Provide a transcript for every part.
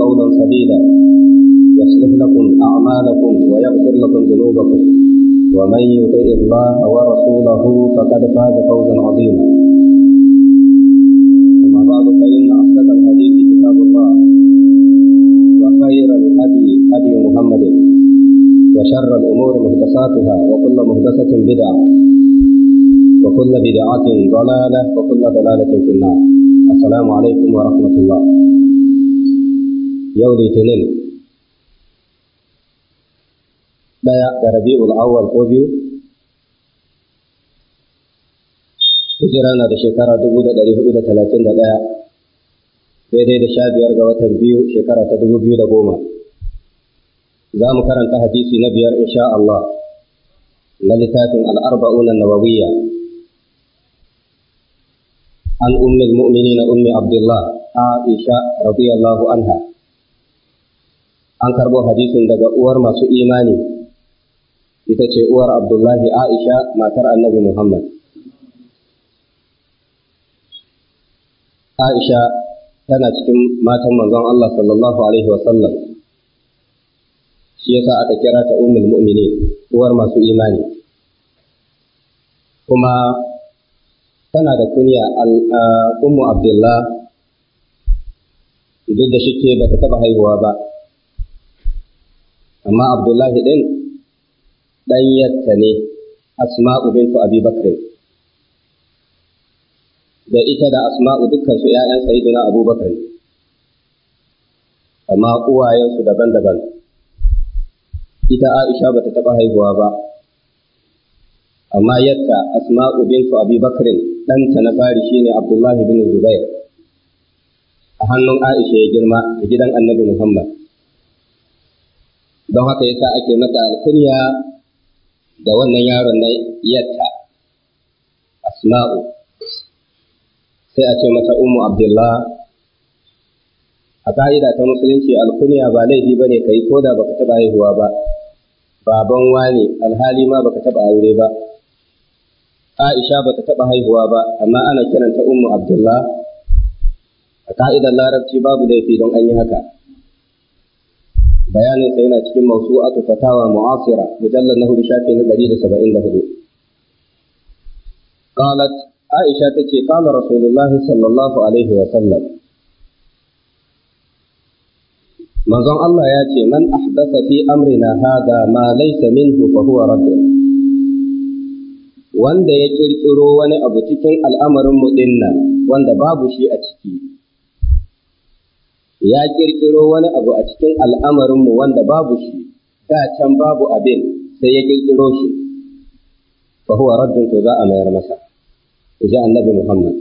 قولا سديدا يصلح لكم أعمالكم ويغفر لكم ذنوبكم ومن يطع الله ورسوله فقد فاز فوزا عظيما أما بعد فإن أصدق الحديث كتاب الله وخير الهدي هدي محمد وشر الأمور مهدساتها وكل مهدسة بدعة وكل بدعة ضلالة وكل ضلالة في النار السلام عليكم ورحمة الله yau litinin ɗaya da rabi'ul awwal ko biyu hijira na da shekara dubu da ɗari hudu da talatin da ɗaya daidai da sha biyar ga watan biyu shekara ta dubu biyu da goma za mu karanta hadisi na biyar insha Allah na littafin al'arba'una nawawiyya an ummul mu'minina ummi abdullah aisha radiyallahu anha an karbo hadisin daga uwar masu imani ita ce uwar Abdullahi Aisha matar annabi Muhammad. Aisha tana cikin matan manzon Allah sallallahu Alaihi wasallam shi yasa aka kira ta umul mu'minin uwar masu imani kuma tana da kunya uh, ummu Abdullah duk da shi ke ba ta taɓa haihuwa ba. amma Abdullahi ɗin ɗan yatta ne Asma'u bintu Abi Bakr da ita da Asma'u dukkan su ƴaƴan Sayyidina Abu Bakr amma uwayensu daban-daban ita Aisha bata taɓa haihuwa ba amma yatta Asma'u bintu Abi Bakr ɗanta na fari shine Abdullahi bin Zubair a hannun Aisha ya girma a gidan Annabi Muhammad don haka yasa ake mata alkunya da wannan yaron na yatta asma'u sai a ce mata ummu abdullah a ka'ida ta musulunci alkunya ba laifi ba ne ka ko da baka taɓa haihuwa ba baban wani alhali ma baka taɓa aure ba Aisha ba ta taɓa haihuwa ba amma ana kiranta ummu abdullah a ka'idar larabci babu laifi don an yi haka bayanin sa yana cikin mawsu'atu fatawa mu'asira mujallar na hudu shafi na 174 قالت Aisha ta ce رسول الله sallallahu alaihi wa sallam. manzon Allah ya ce man ahdasa fi amrina hada ma laysa minhu fa huwa radd wanda ya kirkiro wani abu cikin al'amarin mu dinnan wanda babu shi a ciki ya ƙirƙiro wani abu a cikin al’amarinmu wanda babu shi, da can babu abin sai ya kirkiro shi, ba huwa raddun za a mayar masa, ku ji annabi Muhammad.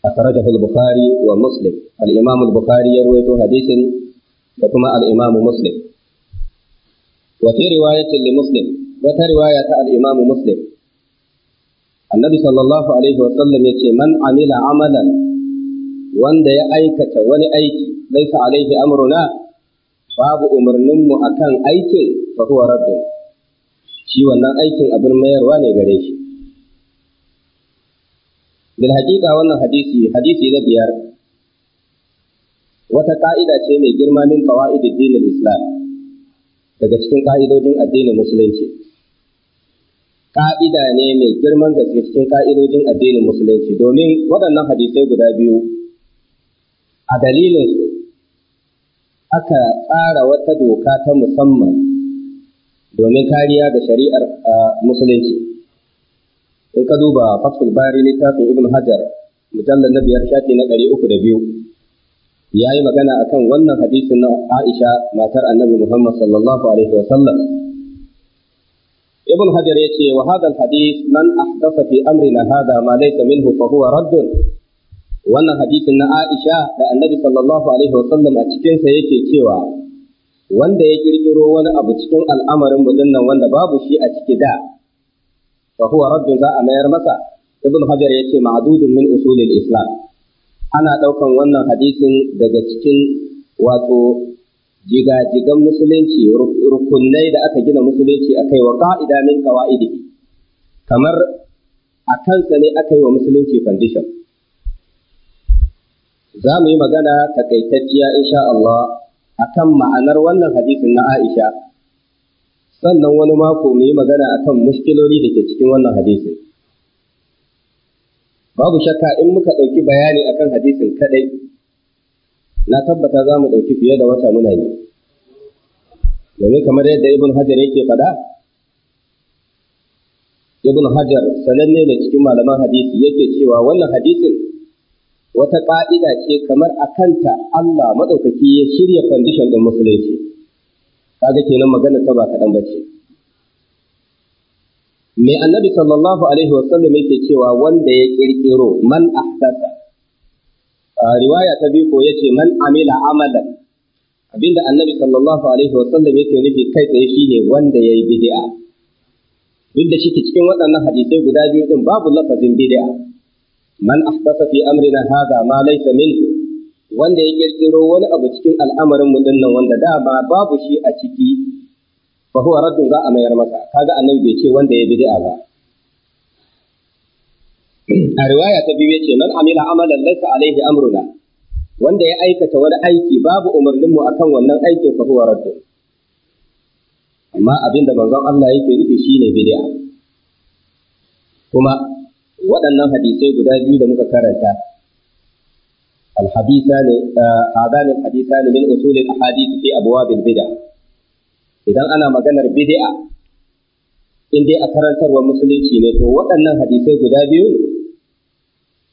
A tarajar al-Bukhari wa Muslim, alimamu al-Bukhari ya ruwaito hadisin da kuma al’imamu Muslim. Wata riwaya ce li wata riwaya ta al’imamu Muslim. Annabi sallallahu alaihi wa sallam ce, Man amila amalan wanda ya aikata wani aiki laisa alaihi amruna babu umarninmu akan aikin fa huwa raddun shi wannan aikin abin mayarwa ne gare shi bil haƙiƙa wannan hadisi hadisi na biyar wata ka'ida ce mai girma min qawaidid dinil islam daga cikin ƙa'idodin addinin musulunci ka'ida ne mai girman gaske cikin ƙa'idodin addinin musulunci domin waɗannan hadisai guda biyu a dalilin su aka tsara wata doka ta musamman domin kariya da shari'ar musulunci in ka duba fatul bari littafin ibn hajar mujallar na biyar shafi na ɗari uku da biyu ya yi magana akan wannan hadisin na aisha matar annabi muhammad sallallahu alaihi wa sallam ibn hajar ya ce wa hadal hadis man ahdatha fi amrina hada ma laysa minhu fa huwa raddun wannan hadisin na Aisha da Annabi sallallahu alaihi wa a cikin sa yake cewa wanda ya kirkiro wani abu cikin al'amarin mutum nan wanda babu shi a ciki da fa huwa raddun za a mayar masa ibn hajar yace ma'dudun min usulil islam ana daukan wannan hadisin daga cikin wato jigajigan musulunci rukunai da aka gina musulunci akai wa ka'ida min qawaidi kamar a kansa ne aka yi wa musulunci foundation za mu yi magana takaitacciya insha Allah kan ma'anar wannan hadisin na Aisha sannan wani mako mu yi magana a kan muskilori da ke cikin wannan hadisin babu shakka in muka ɗauki bayani akan hadisin kaɗai. na tabbata za mu ɗauki fiye da wata muna yi domin kamar yadda ibn hajar yake faɗa ibn hajar sananne ne cikin malaman hadisi yake cewa wannan hadisin wata ƙa'ida ce kamar a kanta Allah maɗaukaki ya shirya fandishon ɗin musulunci. Kaga kenan magana ta ba kaɗan ba ce. Me annabi sallallahu alaihi wasallam yake cewa wanda ya ƙirƙiro man ahdasa. riwaya ta biyu ko ce man amila amalan abinda annabi sallallahu alaihi wa sallam yake nufi kai tsaye shine wanda ya yi bidi'a. duk da shi cikin waɗannan hadisai guda biyu din babu lafazin bidi'a. man ahdasa fi amrina hadha ma laysa min wanda ya kirkiro wani abu cikin al'amarin mu dinnan wanda da ba babu shi a ciki fa huwa raddun za a mayar maka kaga annabi bai ce wanda ya bid'a ba a riwaya ta biyu ce man amila amalan laysa Alayhi amruna wanda ya aikata wani aiki babu umarnin mu akan wannan aikin fa huwa amma abinda manzon Allah yake nufi shine bid'a kuma waɗannan hadisai guda biyu da muka karanta الحديثان هذان الحديثان من اصول الاحاديث في ابواب البدع idan ana maganar bid'a in a karantarwar musulunci ne to waɗannan hadisai guda biyu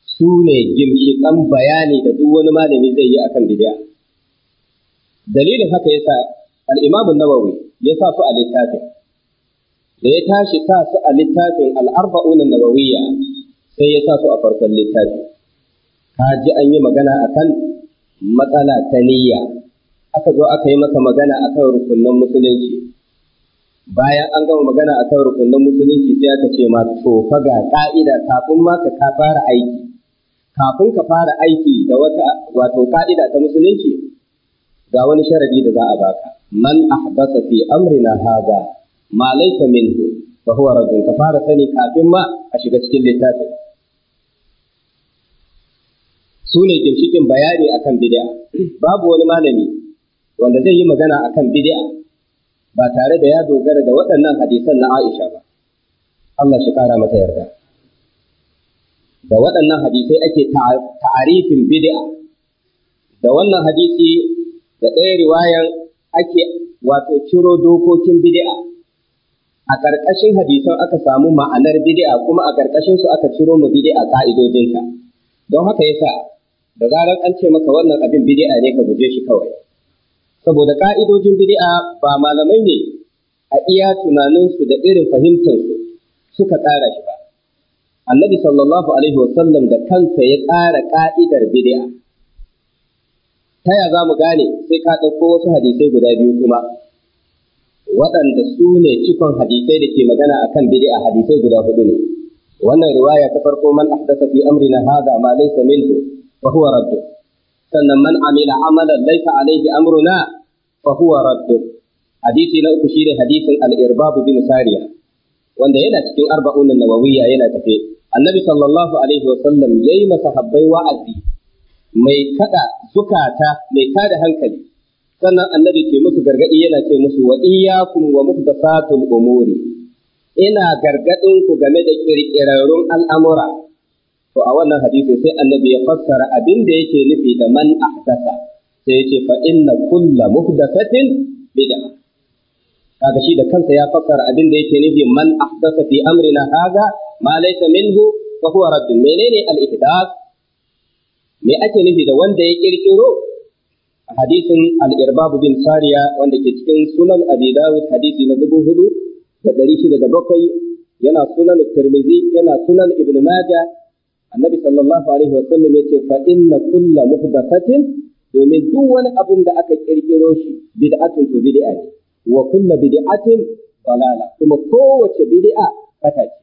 su ne gimshiƙan bayani da duk wani malami zai yi akan bid'a dalilin haka yasa al-Imam an-Nawawi ya sa su a littafin da ya tashi sa su a littafin al-Arba'un sai ya sa su a farkon littafi ka ji an yi magana a kan matsala ta niyya aka zo aka yi masa magana a kan rukunin musulunci bayan an gama magana a kan rukunin musulunci sai aka ce ma to ga ka'ida kafin ma ka fara aiki kafin ka fara aiki da wata wato ka'ida ta musulunci ga wani sharadi da za a baka man ahdatha fi amrina hadha ma laysa minhu fa huwa rajul ka fara sani kafin ma a shiga cikin littafin su ne ginshikin bayani akan bid'a babu wani malami wanda zai yi magana akan bid'a ba tare da ya dogara da waɗannan hadisan na Aisha ba Allah shi kara mata yarda da waɗannan hadisai ake ta'arifin bid'a da wannan hadisi da ɗaya riwayan ake wato ciro dokokin bid'a a ƙarƙashin hadisan aka samu ma'anar bid'a kuma a ƙarƙashin su aka ciro mu bid'a ka'idojinta don haka yasa da zarar an ce maka wannan abin bidi'a ne ka guje shi kawai saboda ka'idojin bid'a ba malamai ne a iya tunaninsu da irin fahimtarsu suka tsara shi ba annabi sallallahu alaihi wasallam da kansa ya tsara ka'idar bid'a ta ya za mu gane sai ka ɗauko wasu hadisai guda biyu kuma waɗanda su ne cikon hadisai da ke magana a kan bidi'a hadisai guda hudu ne wannan riwaya ta farko man ahdasa fi amrina hadha ma laysa minhu fa huwa sannan man amila amalan laysa alayhi amruna fa huwa hadisi na uku shine hadisin al-irbab bin sariya wanda yana cikin arba'un nawawiyya yana tafe annabi sallallahu alaihi wasallam yayi masahabbai wa'azi mai kada zukata mai kada hankali sannan annabi ke musu gargadi yana ce musu wa iyyakum wa muhdathatul umuri ina gargadin ku game da kirkirarrun al'amura to a wannan hadisi sai annabi ya fassara abin da yake nufi da man ahdasa sai yace fa inna kulla muhdathatin bid'a kaga shi da kansa ya fassara abin da yake nufi man ahdasa fi amrina hadha ma laysa minhu fa huwa radd menene al ihdath me ake nufi da wanda ya kirkiro hadisin al-irbab bin sariya wanda ke cikin sunan abi dawud hadisi na dubu hudu da dari shida da bakwai yana sunan tirmizi yana sunan ibn majah annabi sallallahu alaihi wa sallam yace fa inna kulla muhdathatin domin duk wani abin da aka kirkiro shi bid'atun to bid'a ne wa kulla bid'atin dalala kuma kowace bid'a bata ce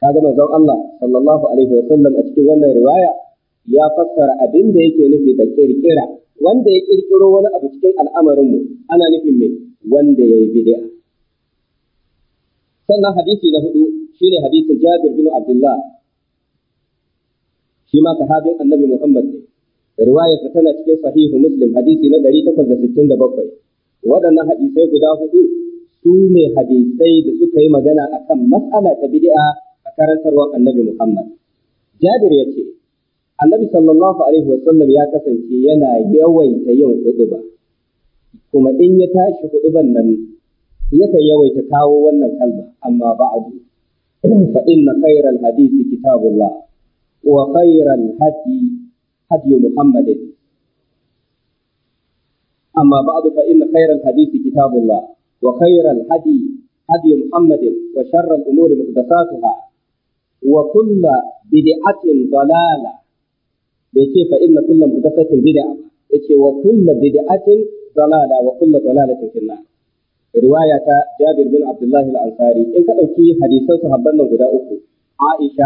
kaga manzon Allah sallallahu alaihi wa sallam a cikin wannan riwaya ya fassara abin da yake nufi da kirkira wanda ya kirkiro wani abu cikin al'amarin mu ana nufin me wanda yayi bid'a sannan hadisi na hudu shine hadisin Jabir bin Abdullah shi ma sahabin annabi Muhammad ne ta tana cikin sahihu Muslim hadisi na 867 waɗannan hadisai guda hudu su ne hadisai da suka yi magana akan matsala ta bid'a a karantarwar annabi Muhammad Jabir ya ce annabi sallallahu alaihi wasallam ya kasance yana yawaita yin huduba kuma in ya tashi huduban nan yakan yawaita kawo wannan kalma amma ba'du fa inna khayral hadisi kitabullah وخير الهدي هدي محمد أما بعد فإن خير الحديث كتاب الله وخير الهدي هدي محمد وشر الأمور محدثاتها وكل بدعة ضلالة بيتي فإن كل محدثة بدعة بيتي وكل بدعة ضلالة وكل ضلالة في النار رواية جابر بن عبد الله الأنصاري إن كان في حديثا صحابنا غدا أخو عائشة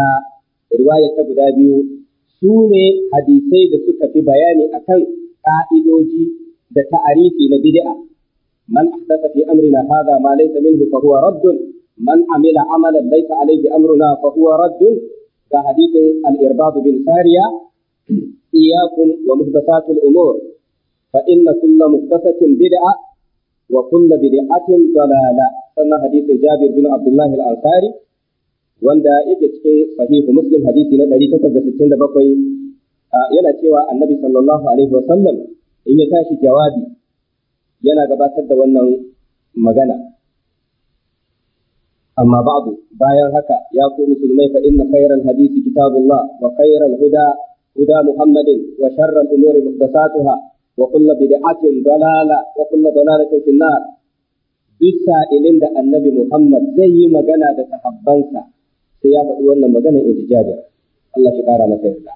riwaya ta guda biyu su ne hadisai da suka fi bayani akan ka'idoji da ta'arifi na bid'a man ahdatha fi amrina hadha ma laysa minhu fa huwa raddun man amila amalan laysa alayhi amruna fa huwa raddun ga hadisin al-irbad bin sariya iyyakum wa muhdathatil umur fa inna kulla muhdathatin bid'a wa kulla bid'atin dalala sannan hadisin jabir bin abdullah al-ansari wanda yake cikin sahihu muslim hadisi na 867 yana cewa annabi sallallahu alaihi wa sallam in ya tashi jawabi yana gabatar da wannan magana amma ba'du bayan haka ya ku musulmai fa inna khairal hadisi kitabullah wa khairal huda huda muhammadin wa sharral umuri muhdathatuha wa kullu bid'atin dalala wa kullu dalalatin fi duk sa'ilin da annabi muhammad zai yi magana da sahabbansa sai ya faɗi wannan maganar in ji jabir Allah shi ƙara masa yarda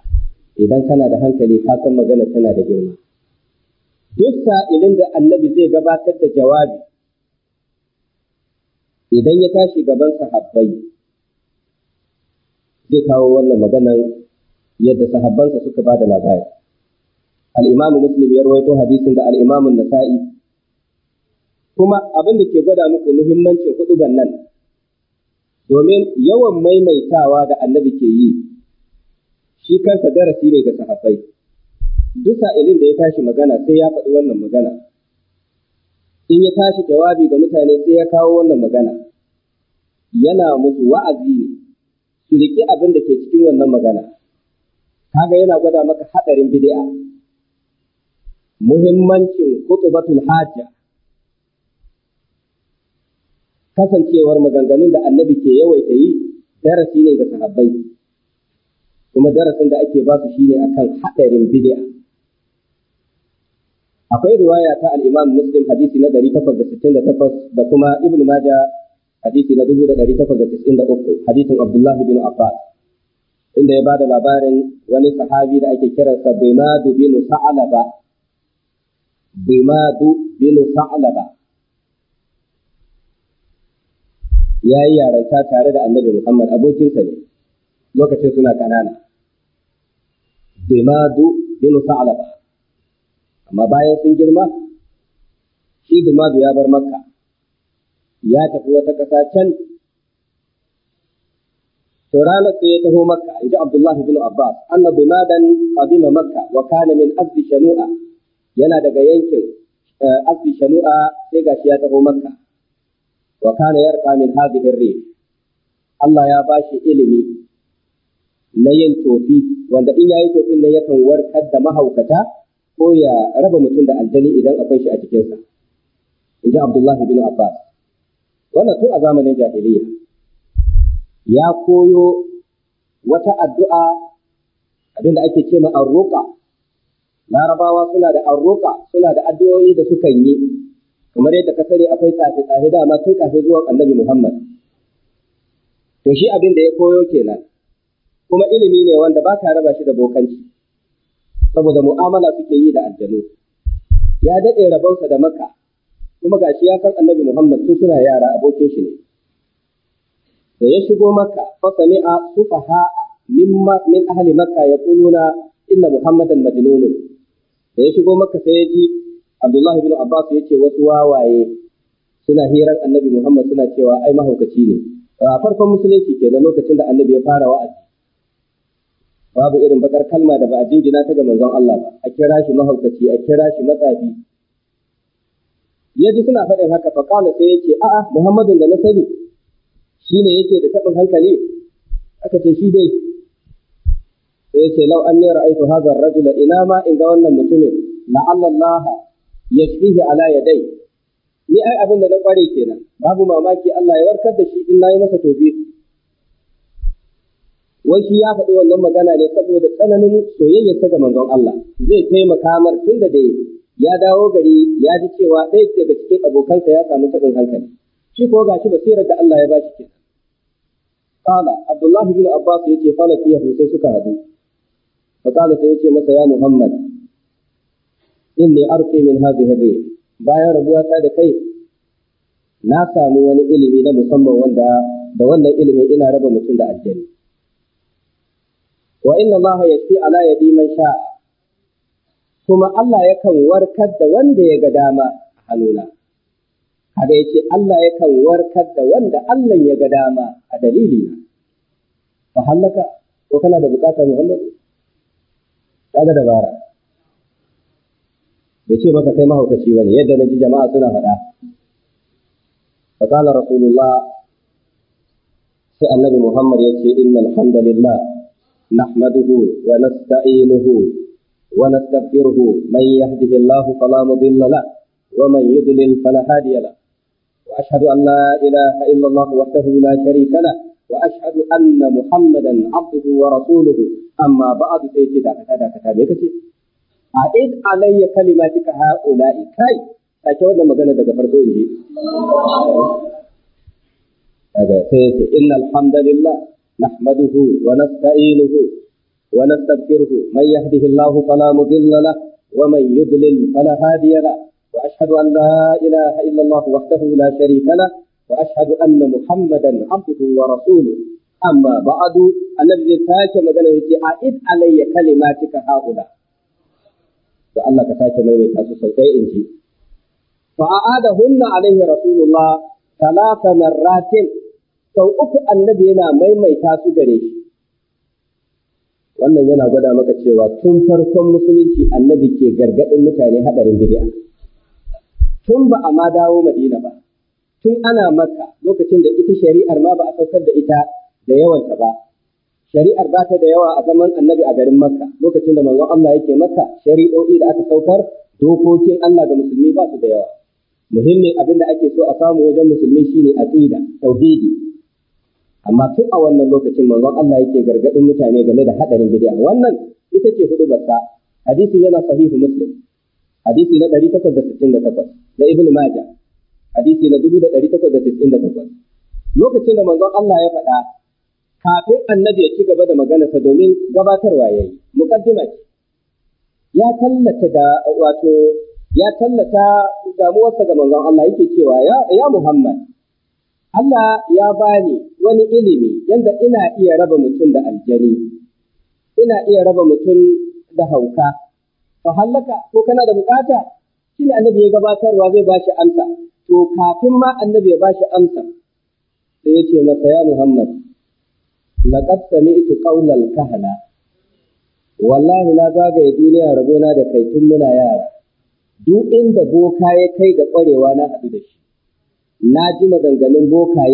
idan kana da hankali ka san magana tana da girma duk sa'ilin da annabi zai gabatar da jawabi idan ya tashi gaban sahabbai zai kawo wannan maganar yadda sahabbansa suka ba da labari al-imamu muslim ya rawaito hadisin da al-imamu nasa'i kuma abin da ke gwada muku muhimmancin hudu nan domin yawan maimaitawa da annabi ke yi shi kansa darasi ne ga sahabbai duk sa'ilin da ya tashi magana sai ya faɗi wannan magana in ya tashi jawabi ga mutane sai ya kawo wannan magana yana musu wa'azi ne su riƙi abin da ke cikin wannan magana kaga yana gwada maka haɗarin bid'a muhimmancin kutubatul hajja kasancewar maganganun da annabi ke yawaita yi darasi ne ga sahabbai kuma darasin da ake ba su shine akan hadarin bid'a akwai riwaya ta al-Imam Muslim hadisi na 868 da kuma Ibn Majah hadisi na 1893 hadisin Abdullah bin Abbas inda ya bada labarin wani sahabi da ake kiransa Bimadu bin Sa'alaba Bimadu bin Sa'alaba ya yi yaranta tare da annabi Muhammad abokinsa ne lokacin suna kanana. Bimadu bin Sa'alaba amma bayan sun girma shi Bimadu ya bar Makka ya tafi wata ƙasa can to ranar sai ya taho Makka idan Abdullahi bin Abbas anna Bimadan qadima Makka wa kana min azdi shanu'a yana daga yankin eh, azdi shanu'a sai gashi ya taho Makka wa kana yarqa min hadhihi ar-rih Allah ya bashi ilimi na yin tofi wanda in yayi tofin nan yakan warkar da mahaukata ko ya raba mutum da aljani idan akwai shi a jikinsa. In ji Abdullah bin Abbas. Wannan tun a zamanin jahiliya ya koyo wata addu'a abinda ake ce ma arruka. Larabawa suna da arruka suna da addu'o'i da sukan yi kamar yadda ka sani akwai tsafe tsafe dama tun kafin zuwan annabi Muhammad to shi abin da ya koyo kenan kuma ilimi ne wanda ba ka raba shi da bokanci saboda mu'amala suke yi da aljanu ya daɗe rabonsa da maka kuma gashi ya san annabi Muhammad tun suna yara abokin shi ne da ya shigo maka fasani a sufaha mimma min ahli makka kuluna inna muhammadan majnunun. da ya shigo maka sai ya ji Abdullahi bin Abbas ya ce wasu wawaye suna hirar annabi Muhammad suna cewa ai mahaukaci ne. A farkon musulunci ke na lokacin da annabi ya fara wa'azi. Babu irin bakar kalma da ba a jingina ta ga manzon Allah ba, a kira shi mahaukaci, a kira shi matsafi. Ya suna faɗin haka fa sai ya ce a'a Muhammadun da na sani shi ne yake da taɓin hankali aka ce shi dai sai ya ce lau an ne ra'aitu hadha rajula ina ma in ga wannan mutumin la'alla yashfihi ala yadai ni ai abin da na kware kenan babu mamaki Allah ya warkar da shi in nayi masa tobi wai shi ya faɗi wannan magana ne saboda tsananin soyayyarsa ga manzon Allah zai taimaka mar tun da dai ya dawo gari ya ji cewa ɗaya daga cikin abokansa ya samu tabin hankali shi ko gashi basirar da Allah ya ba shi kenan قال عبد الله بن عباس يجي فلك sai suka hadu فقال sai yace masa ya Muhammad inni arqi min hadhihi ar bayan rabuwa ta da kai na samu wani ilimi na musamman wanda da wannan ilimin ina raba mutum da aljanna wa inna allaha yasfi ala yadi man sha kuma Allah yakan warkar da wanda ya ga dama a nuna kada yace Allah yakan warkar da wanda Allah ya ga dama a dalilina fa hallaka ko kana da bukatar Muhammad kaga dabara bai ce masa kai mahaukaci ne yadda na ji jama'a suna faɗa fa qala rasulullah sai annabi muhammad ya ce innal hamdalillah nahmaduhu wa nasta'inuhu wa nastaghfiruhu man yahdihillahu fala mudilla lahu wa man yudlil fala hadiya lahu وأشهد أن لا إله إلا الله وحده لا شريك له وأشهد أن محمدا عبده ورسوله أما بعد سيدي دعك دعك دعك a id alayya kalimatika haula'i kai sake wannan magana daga farko inji daga sai yace innal hamdalillah nahmaduhu wa nasta'inuhu wa nastaghfiruhu man yahdihillahu fala mudilla lah wa man yudlil fala hadiya lah wa ashhadu an la ilaha illa allah wahdahu la sharika lah wa ashhadu anna muhammadan abduhu wa rasuluhu amma ba'du annabi zai sake magana yace a id alayya kalimatika haula da Allah ka sake maimaita su sau ɗaya in ji. hunna alaihi Rasulullah talata marratin sau uku annabi yana maimaita su gare shi. Wannan yana gwada maka cewa tun farkon musulunci annabi ke gargaɗin mutane haɗarin bid'a. Tun ba a ma dawo Madina ba, tun ana maka lokacin da ita shari'ar ma ba a saukar da ita da yawanta ba, shari'ar ba ta da yawa a zaman annabi a garin makka lokacin da manzon Allah yake makka shari'o'i da aka saukar dokokin Allah ga musulmi ba su da yawa muhimmin abin da ake so a samu wajen musulmi shine aqida tauhidi amma tun a wannan lokacin manzon Allah yake gargadin mutane game da hadarin bid'a wannan ita ce hudu barka hadisin yana sahihu muslim hadisi na 868 da ibnu majah hadisi na 1868 lokacin da manzon Allah ya faɗa kafin annabi ya ci gaba da maganarsa domin gabatarwa ya yi ce ya tallata da wato ya tallata damuwarsa ga manzon Allah yake cewa ya, ya Muhammad Allah ya bani wani ilimi yanda ina iya raba mutum da aljani ina iya raba mutum da hauka fa hallaka ko kana da bukata shine annabi ya gabatarwa zai bashi amsa to kafin ma annabi ya bashi amsa sai ya ce masa ya Muhammad laqad sami'tu qawlal kahana wallahi na zagaye duniya rabona da kai tun muna yara duk inda boka ya kai ga ƙwarewa na haɗu da shi na ji maganganun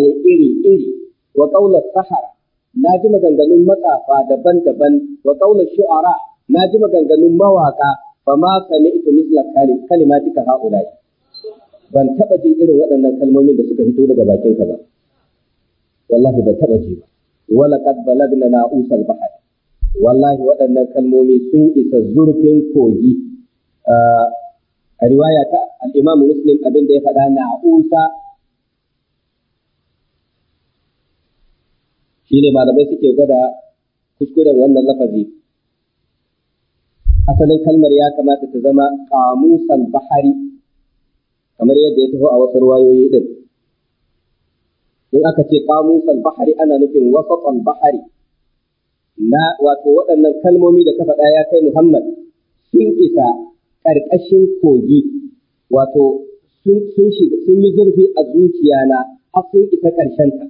ya iri iri wa qawlat sahara na ji maganganun matsafa daban-daban wa qawlat shu'ara na ji maganganun mawaƙa, ba ma kalima misla kalimatika haula'i ban taɓa jin irin waɗannan kalmomin da suka fito daga bakinka ba wallahi ban taɓa ji ba wala na balagna usal bahar wallahi waɗannan kalmomi sun isa zurfin kogi ah, a riwaya ta al-Imam Muslim abin da ya faɗa na'usa shine malamai suke gwada kuskuren wannan lafazi asalin kalmar ya kamata ta zama ƙamusan bahari kamar yadda ya tafi a wasu ruwayoyi din in aka ce kamusan bahari ana nufin wasafan bahari na wato waɗannan kalmomi da ka faɗa ya kai Muhammad sun isa ƙarƙashin kogi wato sun yi zurfi a zuciya na har sun isa ƙarshenta.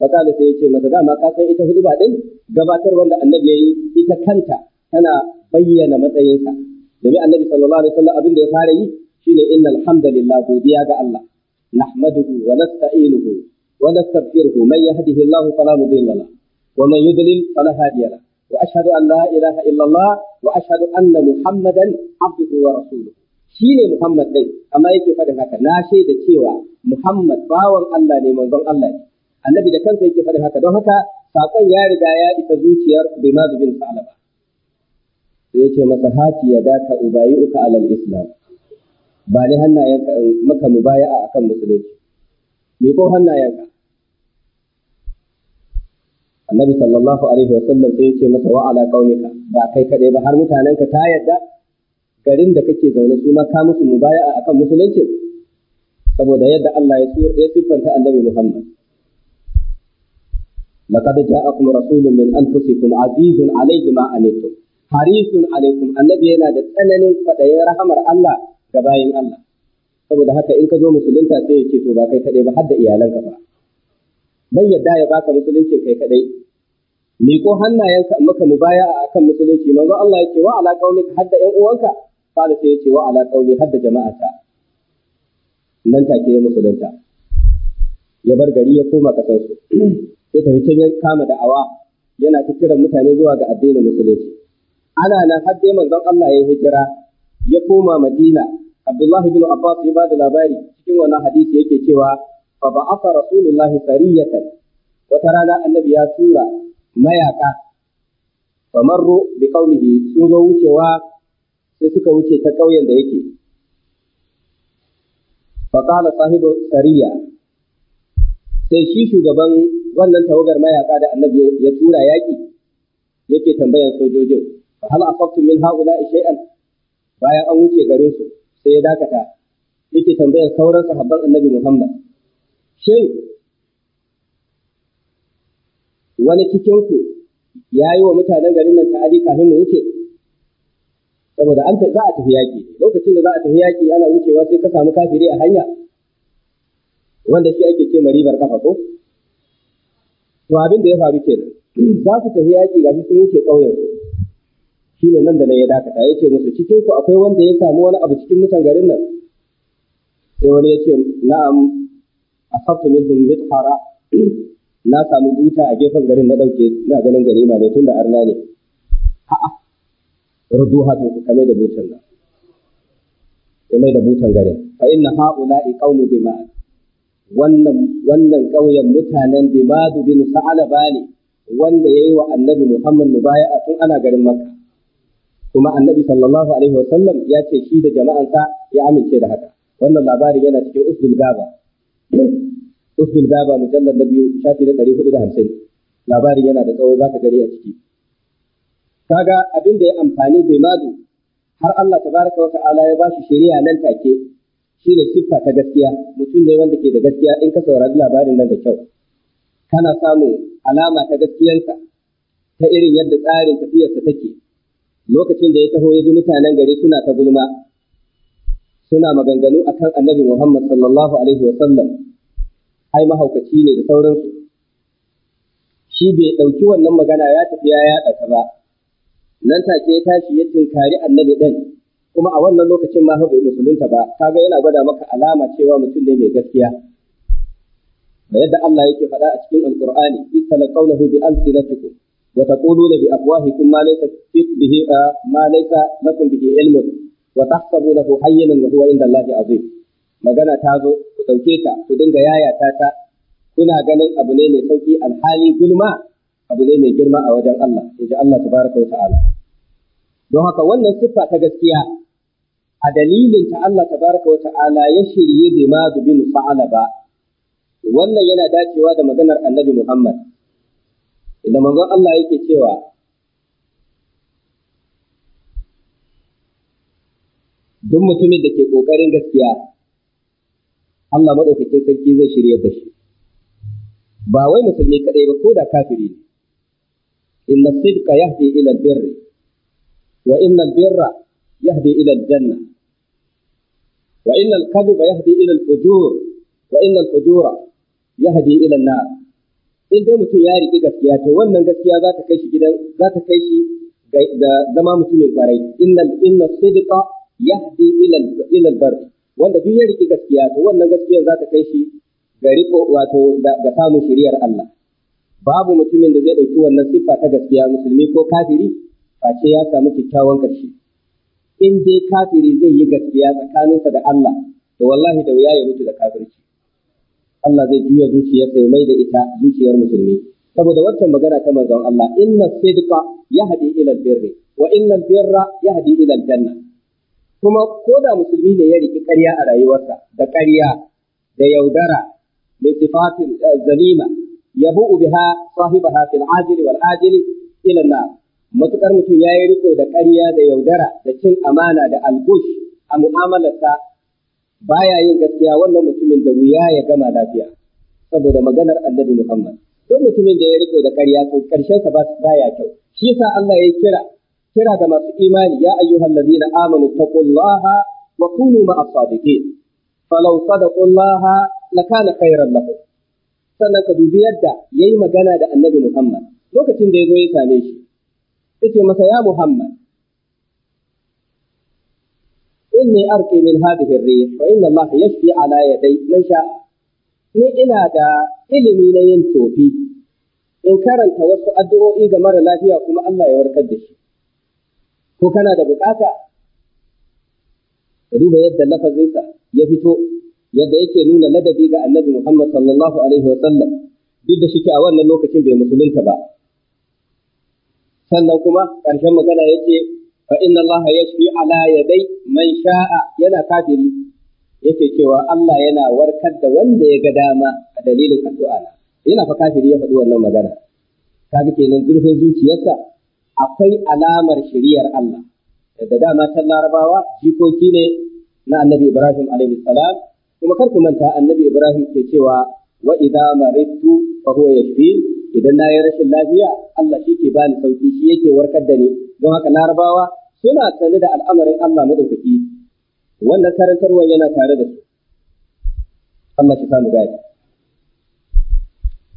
Fasali sai ya ce mata dama ka san ita hudu ba ɗin gabatar wanda annabi ya yi ita kanta tana bayyana matsayinsa. Domin annabi sallallahu alaihi wasallam abin da ya fara yi shine innal hamdalillah godiya ga Allah. نحمده ونستعينه ونستغفره من يهده الله فلا مضل له ومن يضلل فلا هادي له واشهد ان لا اله الا الله واشهد ان محمدا عبده ورسوله shine Muhammad dai. amma yake faɗin haka na shaida cewa Muhammad bawan Allah ne manzon Allah ne annabi da kansa yake faɗin haka don haka sakon ya riga ya isa zuciyar Bimaz bin Salaba sai yace masa hati ya daka ubayi uka alal islam ba ne hannayenka in maka mubaya'a akan musulunci me ko hannayenka annabi sallallahu alaihi wa sallam sai yace masa wa ala qaumika ba kai kade ba har mutanenka ta yadda garin da kake zaune su ma ka musu mubaya'a akan musulunci saboda yadda Allah ya siffanta annabi Muhammad laqad ja'akum rasulun min anfusikum azizun alayhi ma عنتم harisun alaykum annabi yana da tsananin fadayin rahamar Allah ga bayin Allah saboda haka in ka zo musulunta sai ya ce to ba kai kadai ba har da iyalanka ba. bai yadda ya baka musulunci kai kadai Me ko hannayenka maka a akan musulunci manzo Allah yake wa ala qaumi har da ƴan uwanka kada sai ce wa ala qaumi har da jama'ata nan take ya musulunta ya bar gari ya koma kasan su sai tafi can ya kama awa yana ta kiran mutane zuwa ga addinin musulunci ana nan har dai manzon Allah ya hijira ya koma Madina Abdullahi bin Abbas ya bada labari cikin wannan hadisi yake cewa fa ba'atha Rasulullahi sariyatan wata rana annabi ya tura mayaka fa marru bi qaumihi sun zo wucewa sai suka wuce ta ƙauyen da yake fa qala sahibu sariya sai shi shugaban wannan tawagar mayaka da annabi ya tura yaki yake tambayan sojojin fa hal aqaftu min haula'i shay'an bayan an wuce garin su sai ya dakata yake tambayar sauran sahabban annabi Muhammad shin wani cikin ku ya yi wa mutanen garin nan ta'adi kafin mu wuce saboda an za a tafi yaƙi lokacin da za a tafi yaƙi ana wucewa sai ka samu kafiri a hanya wanda shi ake ce ribar kafa ko to abin da ya faru kenan za su tafi yaƙi gashi sun wuce ƙauyen shine nan da nan ya dakata yace musu cikin ku akwai wanda ya samu wani abu cikin mutan garin nan sai wani yace na'am asabtu minhum mithara na samu buta a gefen garin na dauke ina ganin ganima ne tunda arna ne a'a rudu hatu ku kame da butan nan ya mai da butan garin fa inna haula'i qaumu bima wannan wannan ƙauyen mutanen bimadu bin sa'alaba ne wanda ya yi wa annabi Muhammad mubaya'a tun ana garin Makka. kuma annabi sallallahu alaihi wa sallam ya ce shi da jama'ansa ya amince da haka wannan labarin yana cikin Usul gaba Usul gaba mujallar na biyu shafi na ɗari hudu da hamsin labarin yana da tsawo zaka gani a ciki kaga abin da ya amfani bai madu har Allah tabaraka wa ta'ala ya shi shari'a nan take shine siffa ta gaskiya mutum ne wanda ke da gaskiya in ka saurari labarin nan da kyau kana samun alama ta gaskiyarsa ta irin yadda tsarin tafiyarsa take lokacin da ya taho ya ji mutanen gari suna ta gulma suna maganganu akan annabi Muhammad sallallahu alaihi wa ai mahaukaci ne da sauransu shi bai ɗauki wannan magana ya tafi ya yaɗa ba nan take ya tashi ya tunkari annabi ɗin kuma a wannan lokacin ma bai musulunta ba kaga yana gwada maka alama cewa mutum ne mai gaskiya Ba yadda Allah yake faɗa a cikin alƙur'ani istalqawnahu bi amsilatikum وتقولون بأفواهكم ما ليس به ما ليس لكم به علم وتحسبونه هينا وهو عند الله عظيم magana ta zo ku ɗauke ta ku dinga yayata ta kuna ganin abu ne mai sauki alhali gulma abu ne mai girma a wajen Allah inji Allah tabaraka wa ta'ala don haka wannan siffa ta gaskiya a dalilin ta Allah tabaraka wa ta'ala ya shirye bai ma zubi ba wannan yana dacewa da maganar annabi Muhammad inda manzon Allah yake cewa duk mutumin da ke ƙoƙarin gaskiya Allah maɗaukakin sarki zai shirya da shi ba wai musulmi kadai ba ko da kafiri ne inna sidqa yahdi ila albirr wa inna albirra yahdi ila aljanna wa inna alkadhiba yahdi ila alfujur wa inna alfujura yahdi ila an in dai mutum ya riƙi gaskiya to wannan gaskiya za ta kai shi gidan za ta kai shi ga zama mutumin kwarai inna inna sidqa yahdi ila ila bar wanda duk ya riƙi gaskiya to wannan gaskiyar za ta kai shi ga riko wato ga samun shiriyar Allah babu mutumin da zai ɗauki wannan siffa ta gaskiya musulmi ko kafiri face ya samu kyakkyawan ƙarshe in dai kafiri zai yi gaskiya tsakaninsa da Allah to wallahi da wuya ya mutu da kafirci Allah zai juya zuciyarsa ya mai da ita zuciyar musulmi saboda waccan magana ta manzon Allah inna sidqa haɗi ilal birri wa inna ya yahdi ilal danna. kuma ko da musulmi ne ya riƙi ƙarya a rayuwarsa da ƙarya da yaudara da sifatin eh, zalima yabu biha sahibaha fil ajili wal ajili ila nar matukar mutum yayi riko da ƙarya da yaudara da cin amana da algush a mu'amalarsa baya yin gaskiya wannan mutumin da wuya ya gama lafiya saboda maganar annabi Muhammad duk mutumin da ya riko da ƙarya to sa ba baya kyau shi yasa Allah ya kira kira ga masu imani ya ayyuhal ladina amanu taqullaha wa kunu ma'as sadiqin falau sadaqullaha lakana khairan lakum sannan ka dubi yadda yayi magana da annabi Muhammad lokacin da ya zo ya same shi yace masa ya Muhammad inni arqi min hadhihi ar-rih wa inna Allah yashfi ala yaday man sha ni ina da ilimi na yin tofi in karanta wasu addu'o'i ga mara lafiya kuma Allah ya warkar da shi ko kana da bukata ka duba yadda lafazinsa ya fito yadda yake nuna ladabi ga Annabi Muhammad sallallahu alaihi wa sallam duk da shike a wannan lokacin bai musulunta ba sannan kuma ƙarshen magana yake fa inna Allah ala ya dai man sha'a yana yake cewa Allah yana warkar da wanda ya ga dama a dalilin addu'a yana fa kafiri ya faɗi wannan magana kaga kenan zurfin zuciyarsa akwai alamar shiriyar Allah da dama ta larabawa jikoki ne na annabi Ibrahim alaihi salam kuma kar ku manta annabi Ibrahim ke cewa wa idza maritu fa huwa yashfi idan na yi rashin lafiya Allah shi ke bani sauki shi yake warkar da ni don haka larabawa suna sane da al'amarin Allah madaukaki wannan karantarwa yana tare da su Allah shi samu gari.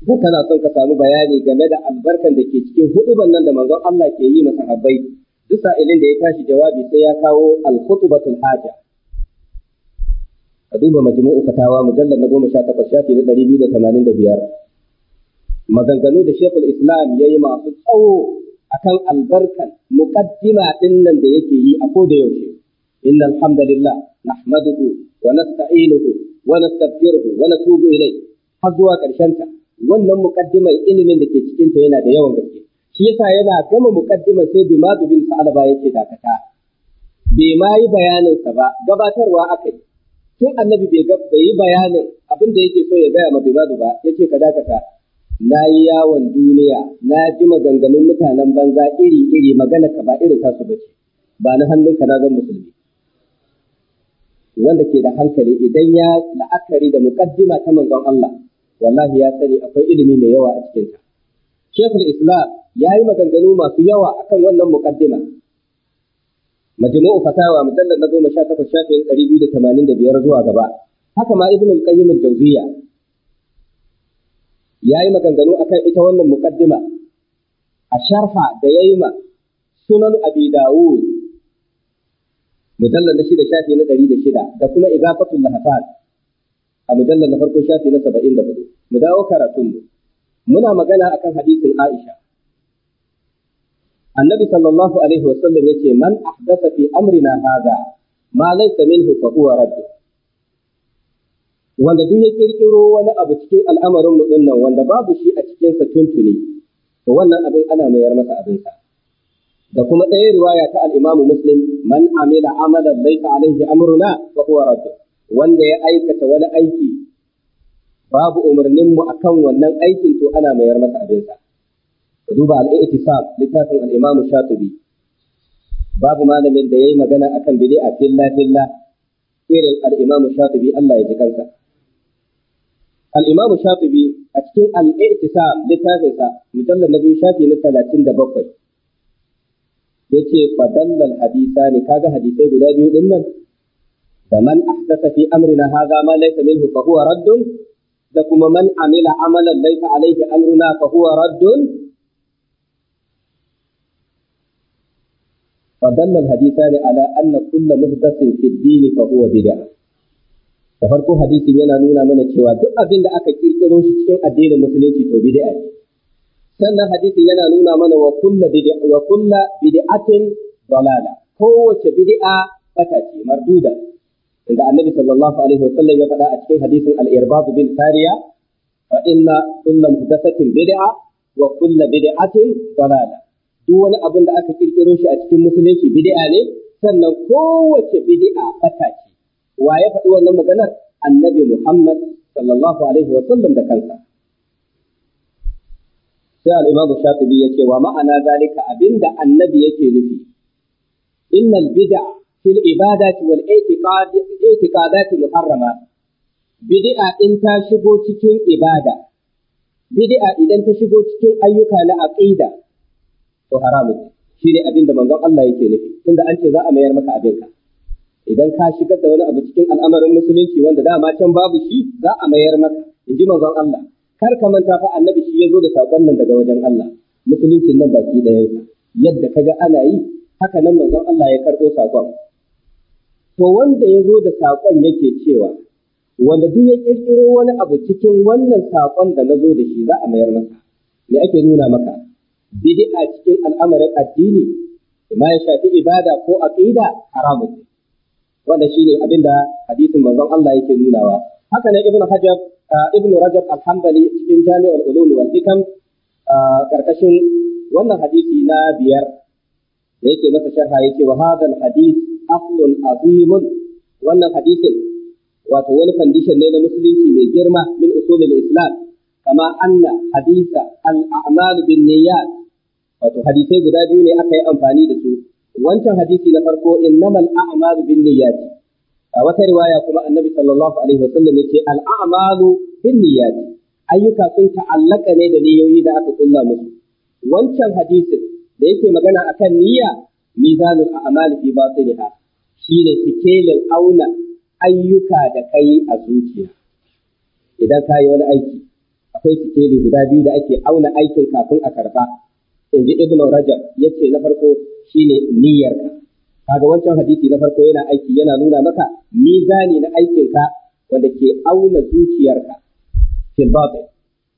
dan kana son ka samu bayani game da albarkan da ke cikin huduban nan da manzon Allah ke yi masa habbai duk sa'ilin da ya tashi jawabi sai ya kawo al-khutbatul haja a duba majmu'u fatawa mujallar na goma sha takwas shafi na ɗari biyu da tamanin da biyar maganganu da shekul islam ya yi masu tsawo akan albarkan muqaddima din nan da yake yi a koda yaushe inna alhamdulillah nahmaduhu wa nasta'inuhu wa nastaghfiruhu wa natubu ilayhi har zuwa karshen ta wannan muqaddima ilimin da ke cikin ta yana da yawan gaske shi yasa yana gama muqaddima sai bi ma bin sa'alaba yake dakata bai ma yi sa ba gabatarwa aka tun annabi bai yi bayanin abin da yake so ya gaya ma madu ba ya ce ka dakata na yi yawon duniya na ji maganganun mutanen banza iri-iri magana ka ba irin tasu ce ba na hannunka na zan musulmi wanda ke da hankali idan ya la'akari da mukaddima ta manzon Allah wallahi ya sani akwai ilimi mai yawa a cikin ta Sheikhul Islam ya yi maganganu masu yawa akan wannan mukaddima Majmu'u Fatawa mujallad na 18 shafin 285 zuwa gaba haka ma ibnu Qayyim al-Jawziyya ya yi maganganu akan ita wannan muƙaddima a sharha da ya yi ma sunan abi dawud mujallar na shida shafi na ɗari da shida da kuma igafatul lahafat a mujallar na farko shafi na saba'in da hudu mu dawo karatun mu. muna magana akan hadisin aisha annabi sallallahu alaihi wasallam yace man ahdatha fi amrina hadha ma laysa minhu fa huwa radd wanda duk ya kirkiro wani abu cikin al'amarin mu nan wanda babu shi a cikin sa tuntuni to wannan abin ana mayar masa abin sa da kuma ɗaya riwaya ta al-Imam Muslim man amila amalan laysa alaihi amruna fa huwa radd wanda ya aikata wani aiki babu umarnin mu akan wannan aikin to ana mayar masa abin sa ka duba al-i'tisab littafin al-Imam Shatibi babu malamin da yayi magana akan bid'a a filla irin al-Imam Shatibi Allah ya ji kansa al-Imam Shatibi a cikin al-I'tisam littafinsa mujallal na biyu shafi na 37 yace fa dallal hadisani kaga hadisai guda biyu din da man ahdatha fi amrina hadha ma laysa minhu fa huwa raddun da kuma man amalan alayhi fa فدل الحديثان على أن كل محدث في الدين فهو بدعة da farko hadisin yana nuna mana cewa duk abin da aka kirkiro shi cikin addinin musulunci to bid'a ne sannan hadisin yana nuna mana wa kullu bid'a wa kullu bid'atin dalala kowace bid'a bata ce marduda inda annabi sallallahu alaihi wasallam ya faɗa a cikin hadisin al-irbad bin sariya fa inna kullu muhdathatin bid'a wa kullu bid'atin dalala duk wani abin da aka kirkiro shi a cikin musulunci bid'a ne sannan kowace bid'a bata ce wa ya faɗi wannan maganar annabi Muhammad sallallahu alaihi da kansa sai al-imam yake wa ma'ana zalika abinda annabi yake nufi innal bid'a fil ibadati wal i'tiqadi i'tiqadati muharrama bid'a in ta shigo cikin ibada bid'a idan ta shigo cikin ayyuka na aqida to haramun shi ne abinda manzon Allah yake nufi tunda an ce za a mayar maka abinka idan ka shigar da wani abu cikin al'amarin musulunci wanda dama can babu shi za a mayar maka in ji manzon Allah kar ka manta fa annabi shi ya zo da sakon nan daga wajen Allah musuluncin nan baki ɗaya yadda ka ga ana yi haka nan manzon Allah ya karɓo sakon to wanda ya zo da sakon yake cewa wanda duk ya kirkiro wani abu cikin wannan sakon da na zo da shi za a mayar masa me ake nuna maka bid'a cikin al'amarin addini ma ya shafi ibada ko aqida haramun wanda shine abin da hadisin manzon Allah yake nunawa haka ne ibnu hajar Ibn rajab alhambali cikin jami'ar ulum wal hikam karkashin wannan hadisi na biyar da yake masa sharha yake wa hadha al-hadith aslun azimun wannan hadisin wato wani condition ne na musulunci mai girma min usulul islam kama anna hadisa al-a'mal bin niyyat wato hadisai guda biyu ne aka yi amfani da su wancan hadisi na farko innamal a'malu binniyat a wata riwaya kuma annabi sallallahu alaihi wasallam yace al'amalu a'malu binniyat ayyuka sun ta'allaka ne da niyoyi da aka kulla musu wancan hadisin da yake magana akan niyya mizanul a'mali fi batiniha shine sikelin auna ayyuka da kai a zuciya idan ka yi wani aiki akwai sikeli guda biyu da ake auna aikin kafin a karba in ji ibn rajab ya ce na farko shine niyyarka kaga wancan hadisi na farko yana aiki yana nuna maka mizani na aikinka wanda ke auna zuciyarka Wahuwa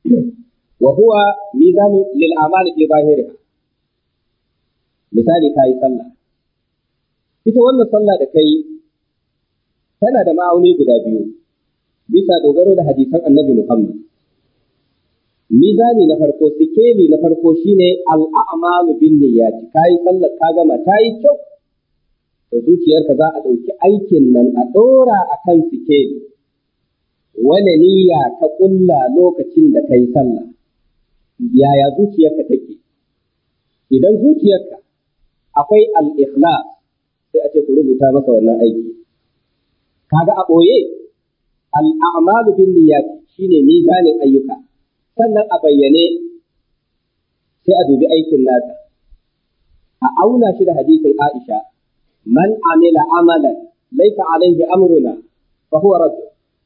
batin wa huwa mizani lil amali fi zahiriha misali kai sallah ita wannan sallah da kai tana da ma'auni guda biyu bisa dogaro da hadisan annabi Muhammad mizani na farko sikeli na farko shine al'amalu bin niyyati kai sallar ka gama tayi kyau to zuciyarka za a ɗauki aikin nan a ɗora akan sikeli Wani niyya ta ƙulla lokacin da kai sallah yaya zuciyarka take idan zuciyarka akwai al-ikhlas sai a ce ku rubuta maka wannan aiki kaga a ɓoye al bin niyyati shine mizanin ayyuka sannan a bayyane sai a dubi aikin nata. a auna shi da hadisin Aisha man amila amalan laisa alaihi amruna fa huwa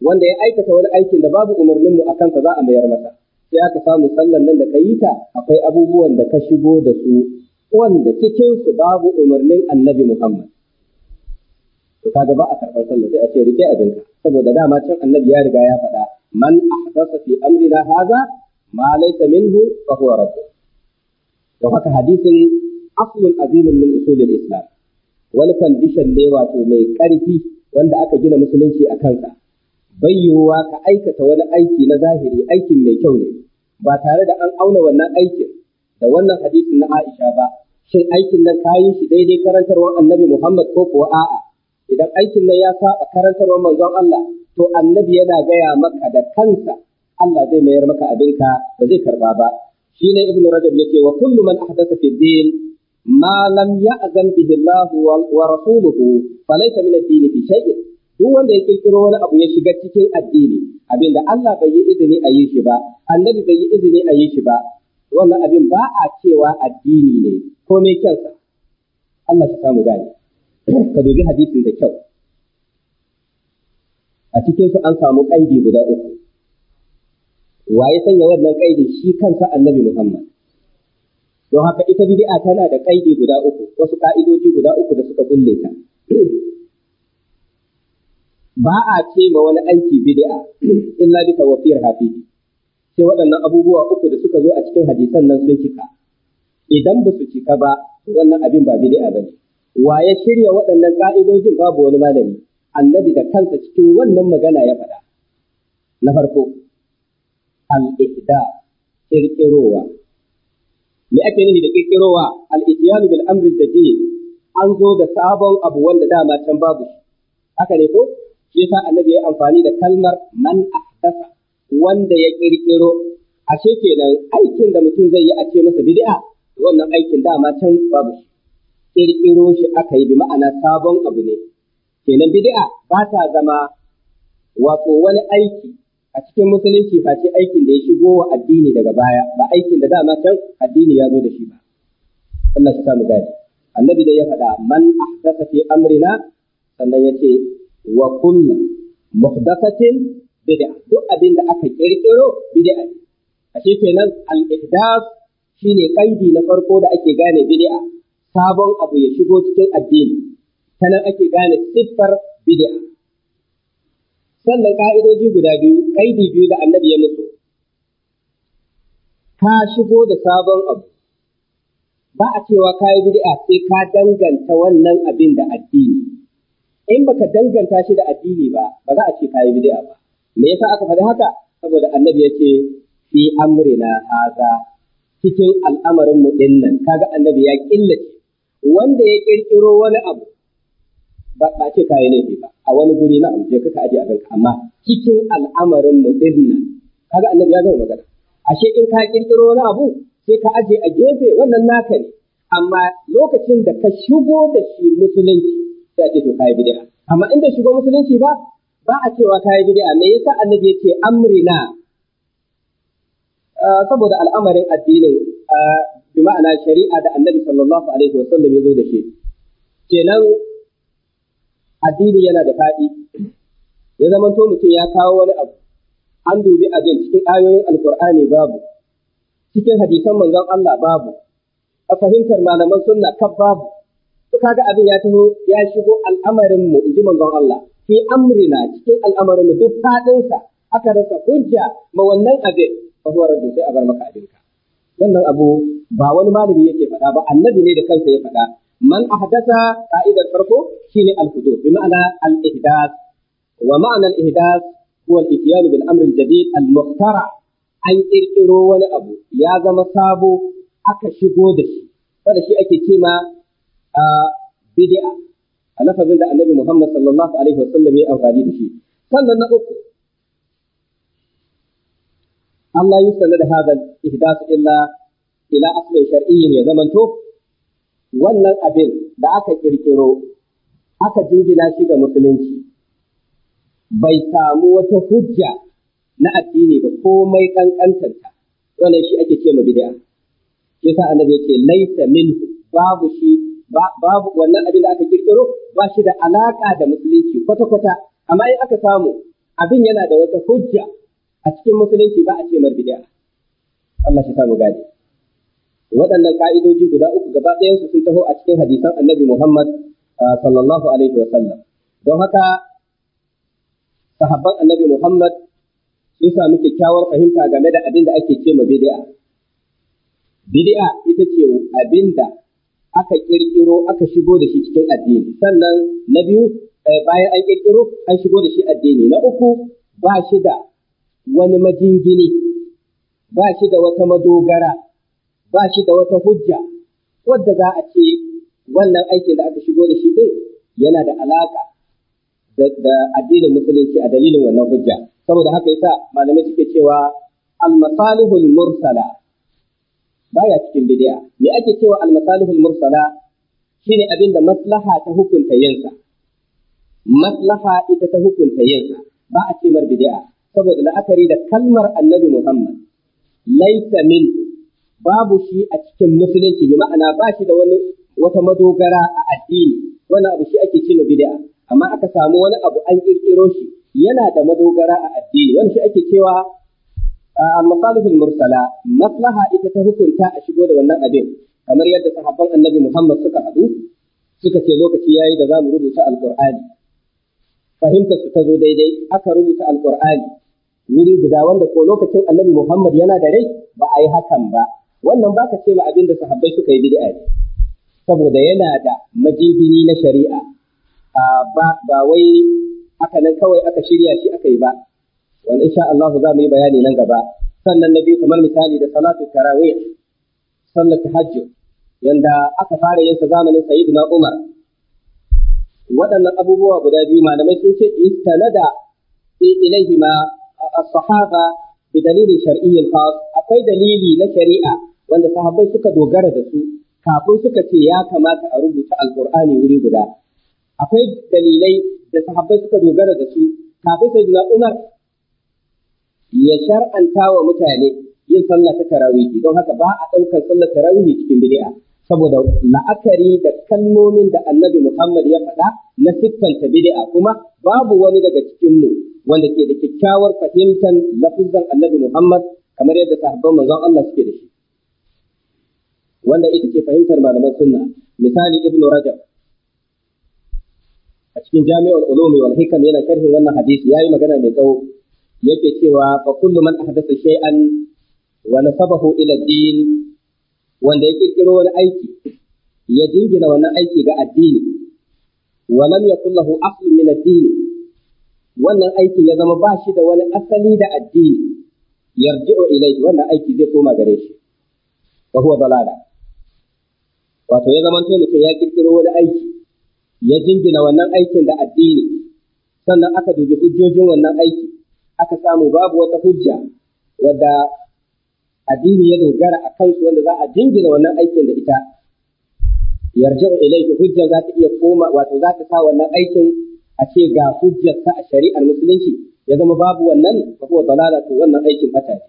wanda ya aikata wani aikin da babu umarnin mu akan sa za a mayar masa sai aka samu sallan nan da ka yi ta akwai abubuwan da ka shigo da su wanda cikin su babu umarnin Annabi Muhammad to kaga ba a karɓar sallah sai a ce rike abinka saboda dama can Annabi ya riga ya faɗa man ahdatha fi amrina hadha Malai laysa minhu fa huwa Da haka hadisin aslun azimin min usulil islam wani fandishan ne wato mai ƙarfi wanda aka gina musulunci a kansa bai yiwuwa ka aikata wani aiki na zahiri aikin mai kyau ne ba tare da an auna wannan aikin da wannan hadisin na Aisha ba shin aikin nan kayan yi shi daidai karantarwar annabi Muhammad ko kuwa a'a idan aikin nan ya saba karantarwar manzon Allah to annabi yana gaya maka da kansa Allah zai mayar maka abinka ba zai karba ba Shi ne ibn rajab yace wa kullu man ahdatha fi din ma lam ya'zan bihi Allah wa rasuluhu falaysa min ad-din fi shay'in duk wanda ya kirkiro wani abu ya shiga cikin addini abinda Allah bai yi izini a yi shi ba annabi bai yi izini a yi shi ba wannan abin ba a cewa addini ne ko me kyansa Allah shi samu gani ka dubi hadisin da kyau a cikin su an samu kaidi guda uku waye sanya wannan kaidi shi kansa annabi Muhammad don haka ita bid'a tana da kaidi guda uku wasu ka'idoji guda uku da suka kulle ta ba a ce ma wani aiki bid'a illa bi tawfir hafi sai waɗannan abubuwa uku da suka zo a cikin hadisan nan sun cika idan ba su cika ba wannan abin ba bid'a bane wa ya shirya waɗannan ka'idojin babu wani malami annabi da kansa cikin wannan magana ya faɗa na farko al ƙirƙirowa, kirkirowa me ake nufi da kirkirowa al bil bil da jadid an zo da sabon abu wanda dama can babu haka ne ko shi yasa annabi ya amfani da kalmar man ahdasa wanda ya kirkiro ashe kenan aikin da mutum zai yi a ce masa bid'a wannan aikin dama can babu kirkiro shi aka yi bi ma'ana sabon abu ne kenan bid'a ba ta zama wato wani aiki a cikin musulunci face aikin da ya shigo wa addini daga baya ba aikin da dama can addini ya zo da shi ba Allah shi samu gani annabi da ya faɗa man ahdatha fi amrina sannan ya ce wa kullu muhdathatin bid'a duk abin da aka kirkiro bid'a A ashe kenan al-ihdath shine kaidi na farko da ake gane bid'a sabon abu ya shigo cikin addini sannan ake gane siffar bid'a sannan ka'idoji guda biyu kaidi biyu da annabi ya mutu. ka shigo da sabon abu ba a cewa ka yi bid'a sai ka danganta wannan abin da addini in baka danganta shi da addini ba ba za a ce ka yi bid'a ba me yasa aka faɗi haka saboda annabi ya ce fi amrina haza cikin al'amarin mu Ka ga annabi ya killace wanda ya ƙirƙiro wani abu ba ce kayi laifi ba a wani guri na amje ka ka aje a kanka amma cikin al'amarin mu dinnan kaga annabi ya gama magana ashe in ka kirkiro wani abu sai ka aje a gefe wannan naka ne amma lokacin da ka shigo da shi musulunci sai ake to kayi bid'a amma in bai shigo musulunci ba ba a cewa kayi bid'a me yasa annabi yake amrina ah, saboda al'amarin addinin ah, bi ma'ana shari'a da annabi sallallahu alaihi wasallam ya zo da shi kenan addini yana da faɗi ya zama to mutum ya kawo wani abu an dubi abin cikin ayoyin alkur'ani babu cikin hadisan manzon Allah babu a fahimtar malaman sunna kaf babu to kaga abin ya taho ya shigo al'amarin mu inji manzon Allah fi amrina cikin al'amarin mu duk fadin sa aka rasa hujja ma wannan abin fa huwa rabbi sai a bar maka abinka wannan abu ba wani malami yake faɗa ba annabi ne da kansa ya faɗa man ahdasa ka'idar farko shine al-huduth ma'ana al wa ma'ana al-ihdath huwa al-ityan bil amr al-jadid al-muhtara an kirkiro wani abu ya zama sabo aka shigo da shi wanda shi ake cema bid'a a lafazin da annabi Muhammad sallallahu alaihi wasallam ya amfani da shi sannan na Allah da hadal ihdath illa ila ya zamanto wannan abin da aka kirkiro aka jingina shi ga musulunci bai samu wata hujja na addini ba komai kankantarta wannan shi ake ce ma bid'a yasa annabi yake laisa minhu babu shi babu wannan abin da aka kirkiro ba shi da alaka da musulunci kwata-kwata amma in aka samu abin yana da wata hujja a cikin musulunci ba a ce mar bid'a Allah shi samu gadi waɗannan ƙa'idoji guda uku gaba ɗayansu sun taho a cikin hadisan annabi Muhammad sallallahu alaihi wa sallam don haka sahabban annabi Muhammad sun samu kyakkyawar fahimta game da abin da ake ce ma bidi'a bidi'a ita ce abin da aka ƙirƙiro aka shigo da shi cikin addini sannan na biyu eh, bayan an ƙirƙiro an shigo da shi addini na uku ba shi da wani majingini ba shi da wata madogara ba shi da wata hujja wadda za a ce wannan aikin da aka shigo da shi din yana da alaka da addinin musulunci a dalilin wannan hujja saboda haka yasa malamai suke cewa al-masalihul mursala baya cikin bid'a me ake cewa al-masalihul mursala shine abin da maslaha ta hukunta yinsa maslaha ita ta hukunta yinsa ba a ce mar bid'a saboda la'akari da kalmar annabi Muhammad laisa babu shi a cikin musulunci bi ma'ana ba shi da wani wata madogara a addini wannan abu shi ake cewa bid'a amma aka samu wani abu an kirkiro shi yana da madogara a addini wani shi ake cewa al-masalihul mursala maslaha ita ta hukunta a shigo da wannan abin kamar yadda sahabban annabi Muhammad suka hadu suka ce lokaci yayi da zamu rubuta alqur'ani fahimta su ta zo daidai aka rubuta alqur'ani wuri guda wanda ko lokacin annabi Muhammad yana da rai ba a yi hakan ba wannan baka ce ma abin da sahabbai suka yi bid'a ne saboda yana da majingini na shari'a ba wai haka nan kawai aka shirya shi aka yi ba wani insha Allah za mu yi bayani nan gaba sannan na biyu kamar misali da salatu tarawih sallar tahajjud yanda aka fara yin sa zamanin sayyidina Umar waɗannan abubuwa guda biyu malamai sun ce istanada ilaihima as-sahaba bi dalilin shar'iyyin khas akwai dalili na shari'a wanda sahabbai suka dogara da su kafin suka ce ya kamata a rubuta alkur'ani wuri guda akwai dalilai da sahabbai suka dogara da su kafin sai na umar ya shar'anta wa mutane yin sallah ta tarawihi don haka ba a ɗaukar sallar tarawihi cikin bid'a saboda la'akari da kalmomin da annabi Muhammad ya faɗa na siffanta bid'a kuma babu wani daga cikinmu wanda ke da kyakkyawar fahimtar lafuzan annabi Muhammad kamar yadda sahabban manzon Allah suke da shi Wanda ita ce fahimtar malaman sunna misali ibnu rajab a cikin jami'ul ulumi wal hikam yana sharhin wannan hadisi yayi magana mai tsawo yake cewa fa kullu man ahdatha shay'an wa nasabahu ila din wanda ya kirkiro wani aiki ya jingina wannan aiki ga addini wa lam yakul lahu aslun min ad-din wannan aikin ya zama ba shi da wani asali da addini yarji'u ilayhi wannan aiki zai koma gare shi fa huwa dalala wato ya zamanto mutum ya kirkiro wani aiki ya jingina wannan aikin da addini sannan aka dubi hujjojin wannan aiki aka samu babu wata hujja wadda addini ya dogara a kansu wanda za a jingina wannan aikin da ita yarja'u ilayhi hujja za ta iya koma wato za ta sa wannan aikin a ce ga hujjar ta a shari'ar musulunci ya zama babu wannan fa huwa dalalatu wannan aikin bata ne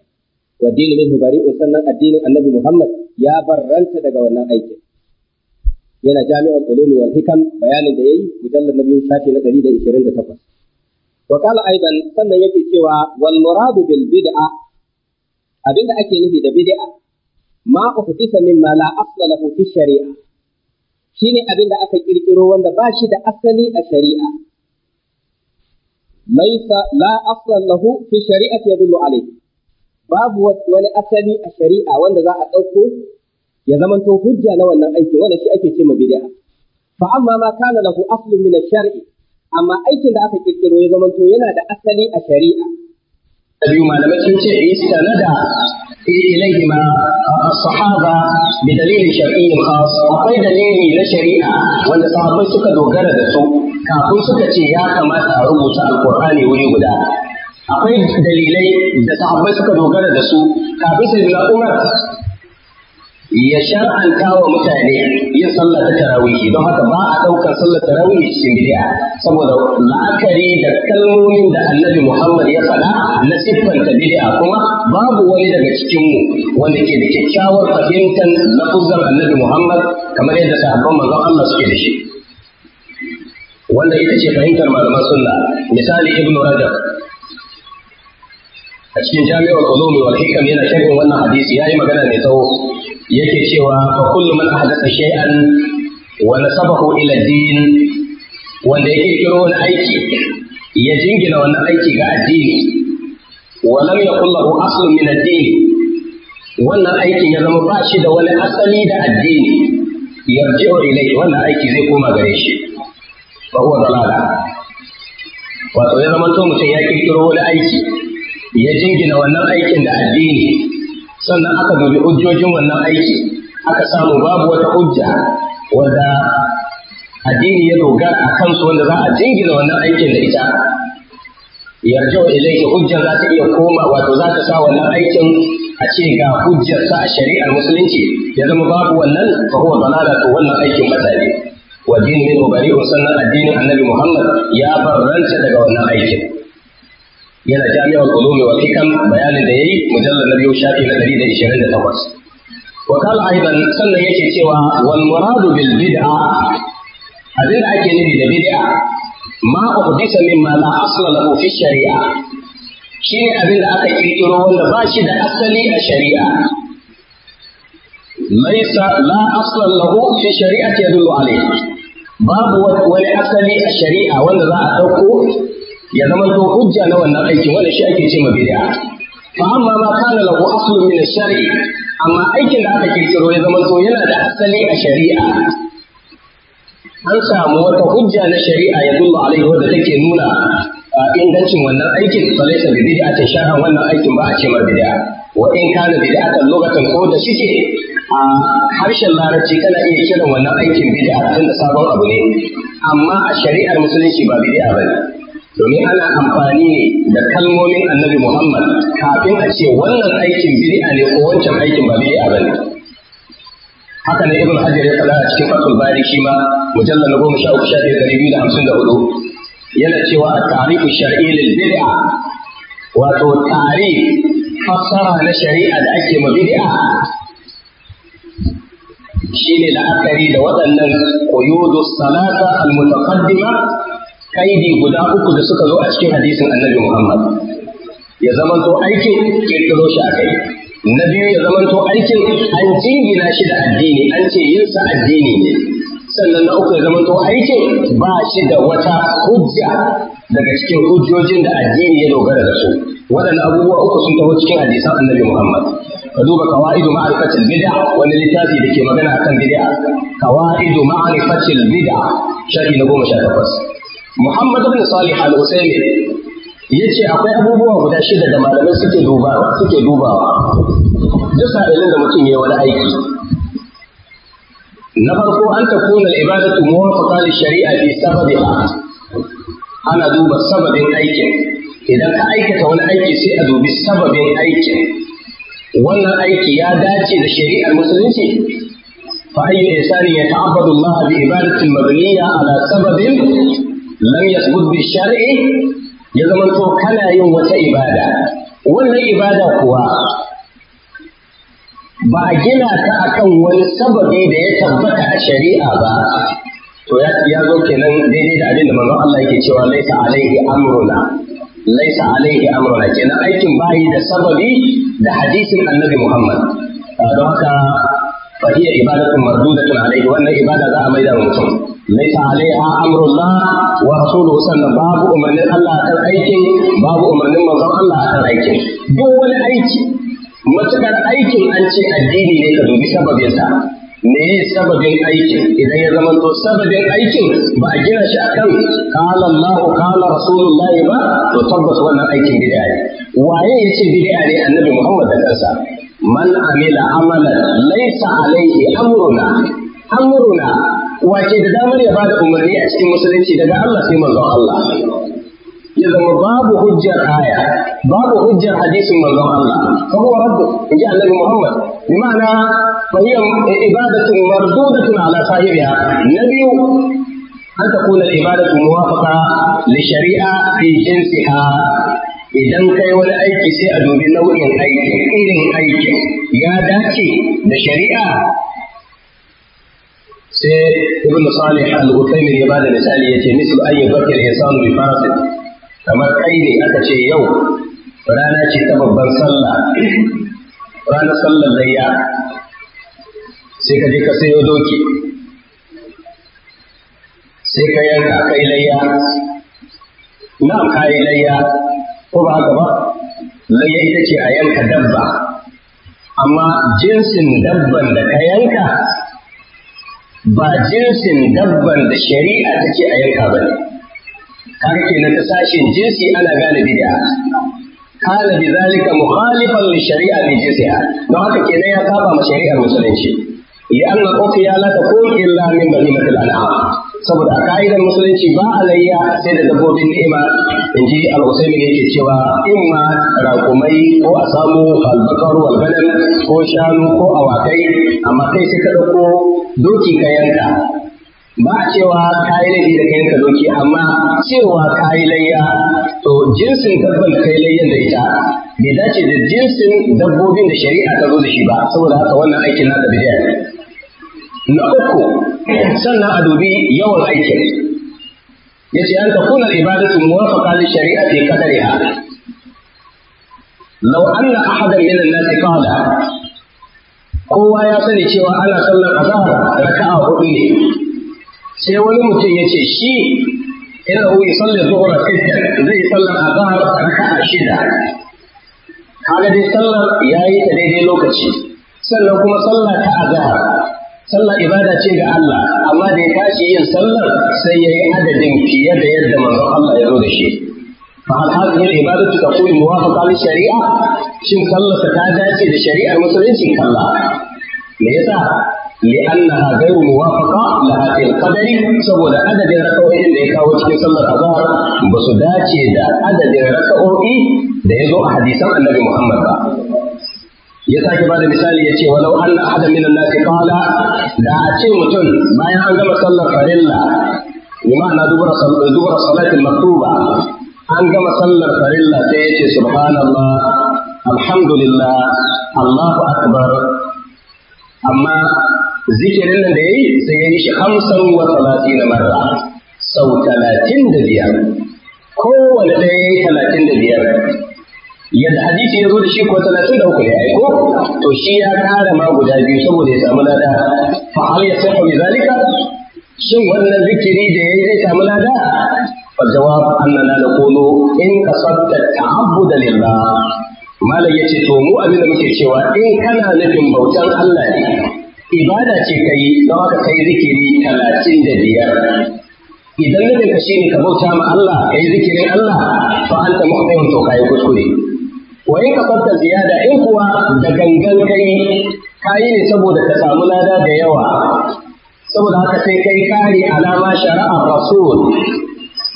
wa dinu minhu bari'un sannan addinin annabi Muhammad ya barranta daga wannan aikin yana jami'ar ulumi wal hikam bayanin da yayi mujallal na biyu shafi na 128 wa qala aidan sannan yake cewa wal muradu bil bid'a abinda ake nufi da bid'a ma uhdisa mimma la asla lahu fi shari'a shine abinda aka kirkiro wanda ba shi da asali a shari'a laisa la asla lahu fi shari'ati yadullu alayhi babu wani asali a shari'a wanda za a dauko ya zamanto hujja na wannan aikin wanda shi ake ce ma bid'a fa amma ma kana lahu aslun min ash-shar'i amma aikin da aka kirkiro ya zamanto yana da asali a shari'a biyu malamai sun ce istanada إليهما الصحابة dalilin شرعي خاص akwai dalili na shari'a wanda sahabbai suka dogara da su kafin suka ce ya kamata a rubuta alkur'ani wuri guda akwai dalilai da sahabbai suka dogara da su kafin sai da Umar ya shar'anta wa mutane yin sallar ta tarawihi don haka ba a ɗaukar sallar tarawihi cikin bid'a saboda la'akari da kalmomin da annabi Muhammad ya faɗa na siffanta bid'a kuma babu wani daga cikin mu wanda ke da kyakkyawar fahimtar lafuzan annabi Muhammad kamar yadda sahabban manzon Allah suke da shi wanda ita ce fahimtar malaman sunna misali ibnu rajab a cikin jami'ar ulumi wal hikam yana sharhin wannan hadisi yayi magana mai tsawo yake cewa fa kullu man ahdatha shay'an wa nasabahu ila din wanda ya kirkiro wani aiki ya jingina wannan aiki ga addini wa lam yakul lahu aslun min ad-din wannan aikin ya zama ba shi da wani asali da addini yarji'u ilayhi wannan aiki zai koma gare shi fa huwa dalala wato ya zama to mutum ya kirkiro wani aiki ya jingina wannan aikin da addini sannan aka dubi hujjojin wannan aiki aka samu babu wata hujja wanda addini ya dogara a kansu wanda za a jingina wannan aikin da ita yarjau ilaihi hujja za ta iya koma wato za ta sa wannan aikin a ce ga hujjar sa a shari'ar musulunci ya zama babu wannan fa huwa dalala to wannan aikin bata ne wa dinin min sannan addinin annabi Muhammad ya barranta daga wannan aikin yana jami'ar ulumi wa hikam bayanin da ya yayi mujallar na biyu shafi na da da takwas. 128 وقال ايضا cewa, يكي muradu والمراد بالبدعة abin da ake nufi da bid'a ma uhdisa mimma la asla lahu fi shari'a shine abin da aka kirkiro wanda ba shi da asali a shari'a laisa la asla lahu fi shari'ati yadullu alayhi babu wani asali a shari'a wanda za a dauko ya zama to hujja na wannan aikin wannan shi ake ce ma bid'a fa amma ma kana lahu aslun min shari amma aikin da aka kirkiro ya zama to yana da asali a shari'a an samu wata hujja na shari'a ya dulla alaihi wadda take nuna ingancin wannan aikin falaisa bi bid'atin shar'an wannan aikin ba a ce ma bid'a wa in kana bid'atan lugatan ko da shike a harshen larabci kana iya kiran wannan aikin bid'a tun da sabon abu ne amma a shari'ar musulunci ba bid'a bane domin ana amfani ne da kalmomin annabi Muhammad kafin a ce wannan aikin bid'a ne ko wancan aikin ba bid'a ba ne. Haka ne Ibn Hajar ya faɗa a cikin Fathul Bari shi ma mujalla na goma sha uku sha biyar ɗari biyu da hamsin da hudu yana cewa a tarihi shar'i lil bid'a wato tarihi fassara na shari'a da ake ma bid'a shine la'akari da waɗannan quyudu salata al-mutaqaddima kaidi guda uku da suka zo a cikin hadisin annabi Muhammad ya zamanto aikin kirkiro shi a kai na biyu ya zamanto aikin an jingina shi da addini an ce yin sa addini ne sannan na uku ya zamanto aikin ba shi da wata hujja daga cikin hujjojin da addini ya dogara da su waɗannan abubuwa uku sun taho cikin hadisan annabi Muhammad ka duba kawaidu ma'rifatil bid'a wani littafi da ke magana akan bid'a kawaidu ma'rifatil bid'a shafi na goma sha takwas Muhammad bin Salih al ya ce akwai abubuwa guda shida da malamai suke dubawa suke dubawa duk sa'ilin da mutum ya wani aiki na farko an takuna ibadatu muwafaqa li shari'a fi sababiha ana duba sababin aikin idan ka aikata wani aiki sai a dubi sababin aikin wannan aiki ya dace da shari'ar musulunci fa ayyu insani yata'abbadu Allah bi ibadatin mabniya ala sababin lam yasbut bi shar'i ya zamanto kana yin wata ibada wannan ibada kuwa ba a gina ta akan wani sababi da ya tabbata a shari'a ba to ya zo kenan daidai da abin da manzon Allah yake cewa laisa alaihi amruna laisa alaihi amruna kenan aikin bayi da sababi da hadisin annabi Muhammad don haka fa hiya ibadatun mardudatun alayhi wannan ibada za a maida wa mutum laisa alaiha amrullah wa rasuluhu sannan babu umarnin Allah akan aikin babu umarnin manzon Allah akan aikin duk wani aiki matukar aikin an ce addini ne ka sababinsa me ya sababin aikin idan ya zama to sababin aikin ba a gina shi akan kala Allah kala Rasulullah ba to tabbas wannan aikin bid'a ne waye yace bid'a ne annabi Muhammad da kansa من عمل عملا ليس عليه امرنا امرنا واجد دامر يبادا امرني اشكي مسلم شيء دقا سيما الله الله إذا باب حجة آية باب حجة حديث من الله الله فهو رد جاء النبي محمد بمعنى فهي عبادة مردودة على صاحبها نبي أن تكون العبادة موافقة لشريعة في جنسها idan kai wani aiki sai a dubi nau'in aiki irin aikin ya dace da shari'a sai ibn salih al-uthaymin ya bada misali yace misal ayyi bakir ihsan bi farasin kamar kai ne aka ce yau rana ce ta babban sallah ranar sallar layya sai ka je ka sayo doki sai ka yanka kai layya na kai layya ko ba haka ba layya ita ce a yanka dabba amma jinsin dabban da ka yanka ba jinsin dabban da shari'a ta ce a yanka ba ne kaga kenan ta sashen jinsi ana gane bid'a kana bi zalika mukhalifan li shari'a min jinsiha don haka kenan ya saba ma shari'ar musulunci li anna ukhya la takun illa min bahimatil an'am saboda a ka'idar musulunci ba a layya sai da dabbobin ni'ima in ji al ne yake cewa in ma raƙumai ko a samu albakar walbanan ko shanu ko awakai amma kai sai ka ɗauko doki ka yanka ba a cewa ka yi laifi da ka doki amma cewa kayi yi layya to jinsin dabban kai layyan da ita bai dace da jinsin dabbobin da shari'a ta zo da shi ba saboda haka wannan aikin na da bid'a na uku sannan a dubi yawan aikin ya ce an takuna ibadatu muwafaqa li shari'ati qadariha law anna ahadan min an-nas qala kowa ya sani cewa ana sallar a zahar azhar a hudu ne sai wani mutum ya ce shi Ina innahu yusalli dhuhra sittan zai sallar a zahar azhar raka'a shida kaga dai sallar ya yi ta daidai lokaci sannan kuma sallar ta a zahar. Sallar ibada ce ga Allah amma da ya tashi yin sallar sai ya yi adadin fiye da yadda manzon Allah ya zo da shi fa hal hadhihi al-ibadatu taqulu muwafaqa li shari'a shin sallah ta dace da shari'ar musulunci kalla me yasa لأنها غير موافقة لها في القدر سوى عدد الركوعي اللي كان وجهي صلى الله عليه وسلم da ya zo a حديثا annabi Muhammad ba. ya sake bada misali ya ce walau anna ahada minan nasi qala da a ce mutum bayan an gama sallar farilla bima'ana dubura dubura salatin maktuba an gama sallar farilla sai ya ce subhanallah alhamdulillah allahu akbar amma zikirin nan da yayi sai ya yi shi hamsan wa salatina marra sau talatin da biyar kowane ɗaya ya yi talatin da biyar yadda hadisi ya zo da shi ko talatin da uku ne ai ko to shi ya kara ma guda biyu saboda ya samu lada fa hal ya sahu bi zalika shin wannan zikiri da yayi zai samu lada fa jawab annana naqulu in qasadta ta'abbuda lillah ya yace to mu abin da muke cewa in kana nufin bautan Allah ne ibada ce kai don haka kai zikiri talatin da biyar idan na ka shine ka bauta ma Allah kai zikirin Allah fa anta mu'min to kai kuskure wa in kafarta ziyada in kuwa da gangan kai ka yi ne saboda ka samu lada da yawa saboda haka sai kai kari alama shari'a rasul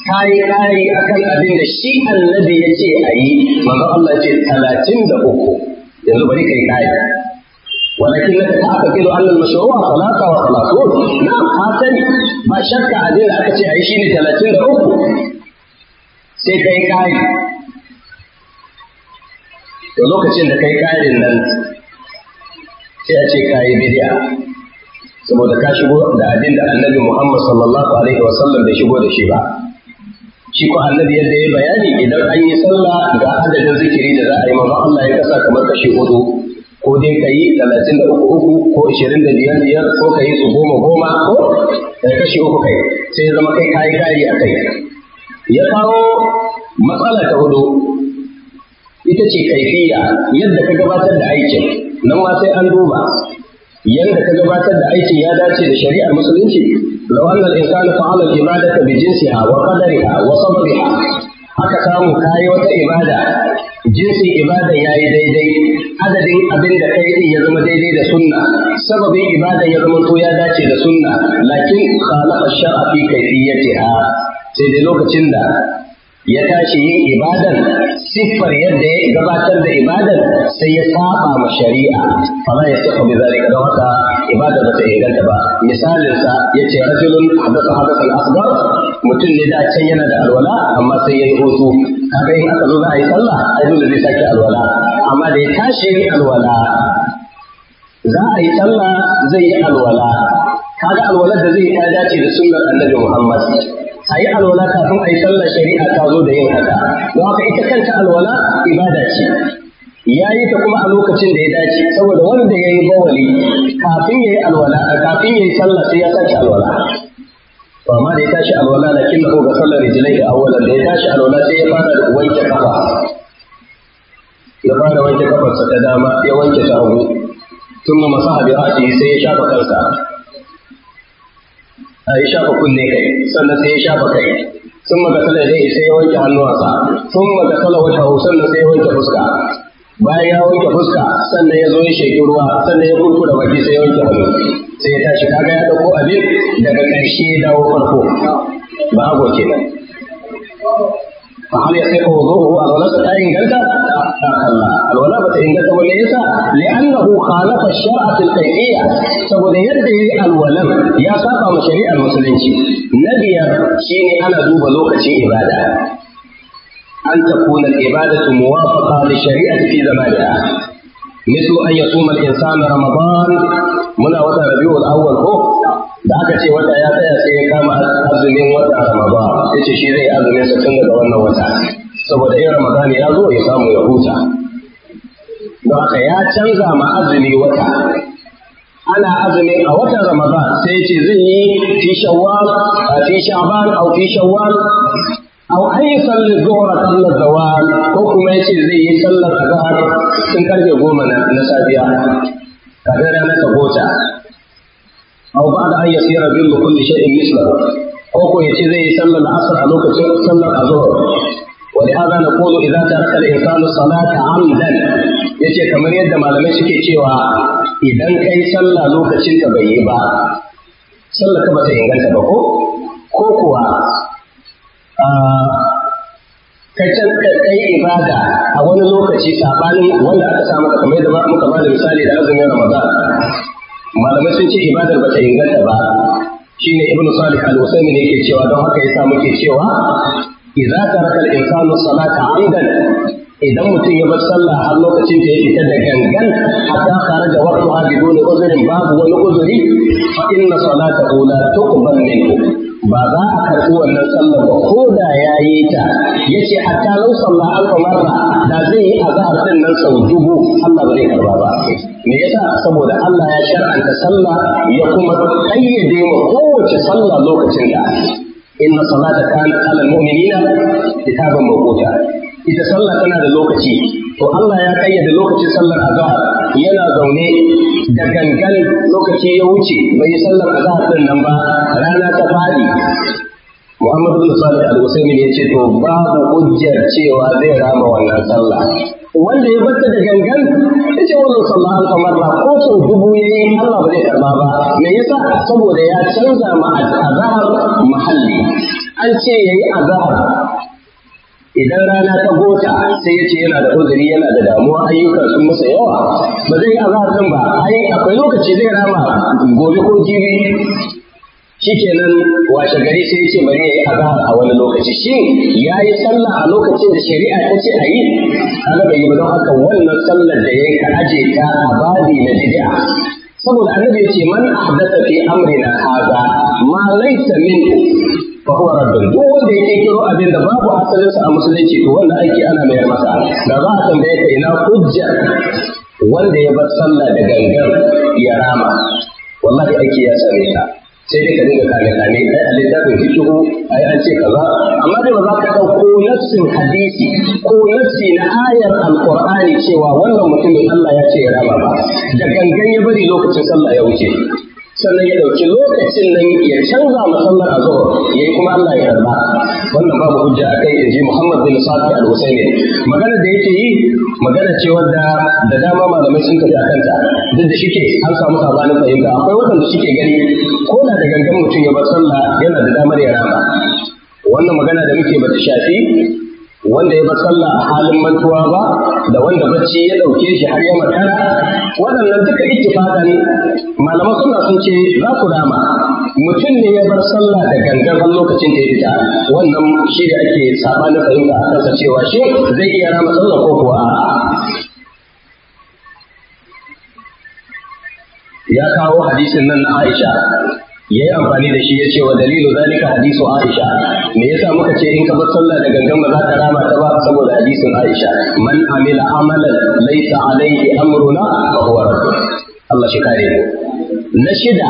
ka yi kari akan abin da shi annabi ya ce a yi manzon Allah ce talatin da uku yanzu bari kai kari ولكن لك تعتقد ان المشروع صلاه وثلاثون نعم حسن ما شك عليه اكثر شيء 33 sai kai kari to lokacin da kai ƙarin nan sai a ce ka yi bid'a saboda ka shigo da abin da annabi Muhammad sallallahu alaihi wa sallam bai shigo da shi ba shi ko annabi yadda ya bayani idan an yi sallah ga adadin zikiri da za a yi ma. Allah ya kasa kamar kashi hudu ko dai ka yi talatin da uku uku ko ashirin da biyar biyar ko ka yi su goma goma ko kashi uku kai sai zama kai kayi kari a kai ya kawo matsala ta hudu ita ce kaifiya yadda ka gabatar da aikin nan ma sai an duba yadda ka gabatar da aikin ya dace da shari'ar musulunci law anna al-insana fa'ala ibadata bi jinsiha wa qadariha wa sabriha aka samu kayi wata ibada jinsin ibada ya yi daidai adadin abin da kai ya zama daidai da sunna sababin ibada ya zama to ya dace da sunna lakin khalaqa shar'a fi kaifiyatiha sai dai lokacin da ya tashi yin ibadar siffar yadda ya gabatar da ibadar sai ya saba ma shari'a fala ya sifa bi zalika don haka ibada ba ta inganta ba misalin sa yace rajulun hadatha hadatha al-asghar mutum ne da can yana da alwala amma sai ya yi hutu kaga in aka zo za a yi sallah ai dole zai sake alwala amma da ya tashi yin alwala za a yi sallah zai yi alwala kaga alwalar da zai ta dace da sunnar annabi Muhammad a yi alwala kafin a yi sallar shari'a ta zo da yin haka don haka ita kanta alwala ibada ce ya yi ta kuma a lokacin da ya dace saboda wanda ya yi bawali kafin ya yi alwala kafin ya yi sallah sai ya sace alwala to amma da ya tashi alwala lakin ko ga sallar rijilai da awwalan da ya tashi alwala sai ya fara da wanke kafa ya fara wanke kafarsa ta dama ya wanke ta hagu tun ma masa habi sai ya shafa kansa a yi shafa kunne kai sannan sai ya shafa kai sun magasala da sai ya wanke hannuwansa sun magasala wata sannan sai ya wanke fuska bayan ya wanke fuska sannan ya zo ya sheki ruwa sannan ya kurkura baki sai ya wanke hannu sai ya tashi kaga ya dauko abin daga ƙarshe ya dawo farko ba hago nan. فهل يصح وضوءه الولادة إنجلتا؟ كلا الولادة إنجلتا وليس لأنه خالف الشرع الكيفية سبب يده الولم يا ساقا مشاريع المسلمين نبي شيني أنا دوب شيء إبادة أن تكون الإبادة موافقة للشريعة في زمانها مثل أن يصوم الإنسان رمضان من أول ربيع الأول هو da aka ce wata ya tsaya sai ya kama azumin wata Ramadan ya ce shi zai azumin sa tun daga wannan wata saboda in Ramadan ya zo ya samu ya huta don haka ya canza ma azumi wata ana azumin a watan Ramadan sai ce zai yi fi shawwal fi sha'ban au fi shawwal au an yi sallar zuhra zawal ko kuma ya ce zai yi sallar azhar tun karfe goma na safiya kafin rana ta gota aw ba'da an yasira bi kulli shay'in misla ko ko yace zai yi sallar asr a lokacin sallar azhar wa li hada naqulu idza taraka al-insanu salata amdan yace kamar yadda malamai suke cewa idan kai sallah lokacin ka bai yi ba sallar ka bata inganta ba ko ko kuwa kai ibada a wani lokaci sabanin wanda aka samu kamar yadda muka ba da misali da azumin Ramadan malamai sun ce ibadar bata inganta ba shi ibnu salih al-usaimi ne yake cewa don haka yasa muke cewa idza taraka al-insanu salata amdan idan mutum ya bar sallah har lokacin da ya fita da gangan hatta kare da wato ha da uzurin babu wani uzuri fa inna salatahu la tuqbal minhu ba za a karɓi wannan sallar ba ko da ya yi ta ya ce hatta lau sallah alfa ba, da zai yi azhar din nan sau dubu Allah ba zai karba ba me yasa saboda Allah ya shar'anta sallah ya kuma kayyade ma kowace sallah lokacin da inna salata kanat ala almu'minina kitaban mawquta ita sallah tana da lokaci to Allah ya kayyade lokacin sallar azhar yana zaune da gangan lokaci ya wuce bai yi sallar azhar din nan ba rana ta fadi Muhammadu bin Salih al ya ce to babu hujjar cewa zai rama wannan sallah wanda ya bata da gangan ya ce wannan sallah an ba ko sun dubu ya Allah ba zai karba ba me yasa saboda ya canza ma azhar muhalli an ce yayi azhar idan rana ta gota sai ya ce yana da uzuri yana da damuwa ayyuka sun masa yawa ba zai azahar din ba ai akwai lokaci zai rama gobe ko jibi shikenan washe gari sai ya ce bari ya yi azahar a wani lokaci shi ya yi sallah a lokacin da shari'a ta ce a yi kaga bai yi ba don haka wannan sallar da ya yi ka aje ta a babi na bid'a saboda annabi ya ce man ahdatha fi amrina hadha ma laysa fa huwa duk wanda ya kirkiro abin da babu asalin sa a musulunci to wanda aiki ana mayar masa da za a tambaye ka ina hujja wanda ya bar sallah da gangan ya rama wallahi aiki ya same ta sai dai ka dinga kame kame ai a littafin fikihu ai an ce kaza amma dai ba za ka ɗauko nassin hadisi ko nassi na ayar alqur'ani cewa wannan mutumin Allah ya ce ya rama ba da gangan ya bari lokacin sallah ya wuce sannan ya ɗauki lokacin nan ya canza masallar a zuwa ya yi kuma Allah ya karba wannan babu hujja a kai inji Muhammad bin Sa'ad al-Husaini magana da yake yi magana ce wadda da dama malamai sun tafi kanta duk da shike an samu sabanin fahimta akwai waɗanda suke gani ko da da gangan mutum ya bar sallah yana da damar ya rama wannan magana da muke bata shafi wanda ya bar sallah a halin mantuwa ba da wanda bacci ya ɗauke shi har ya makara waɗannan duka ne, malaman suna sun ce za ku rama mutum ne ya bar sallah da gangan lokacin da ya fita wannan shi da ake sabanin fahimta a kansa cewa shi zai iya rama sallah ko kuwa ya kawo hadisin nan na Aisha Ya yi amfani da shi ya ce wa dalilu zalika hadisu Aisha me yasa muka ce in ka bar sallah da gangan ba za ka rama ta ba saboda hadisin Aisha man amila amalan laysa alaihi amruna fa huwa Allah shi kare na shida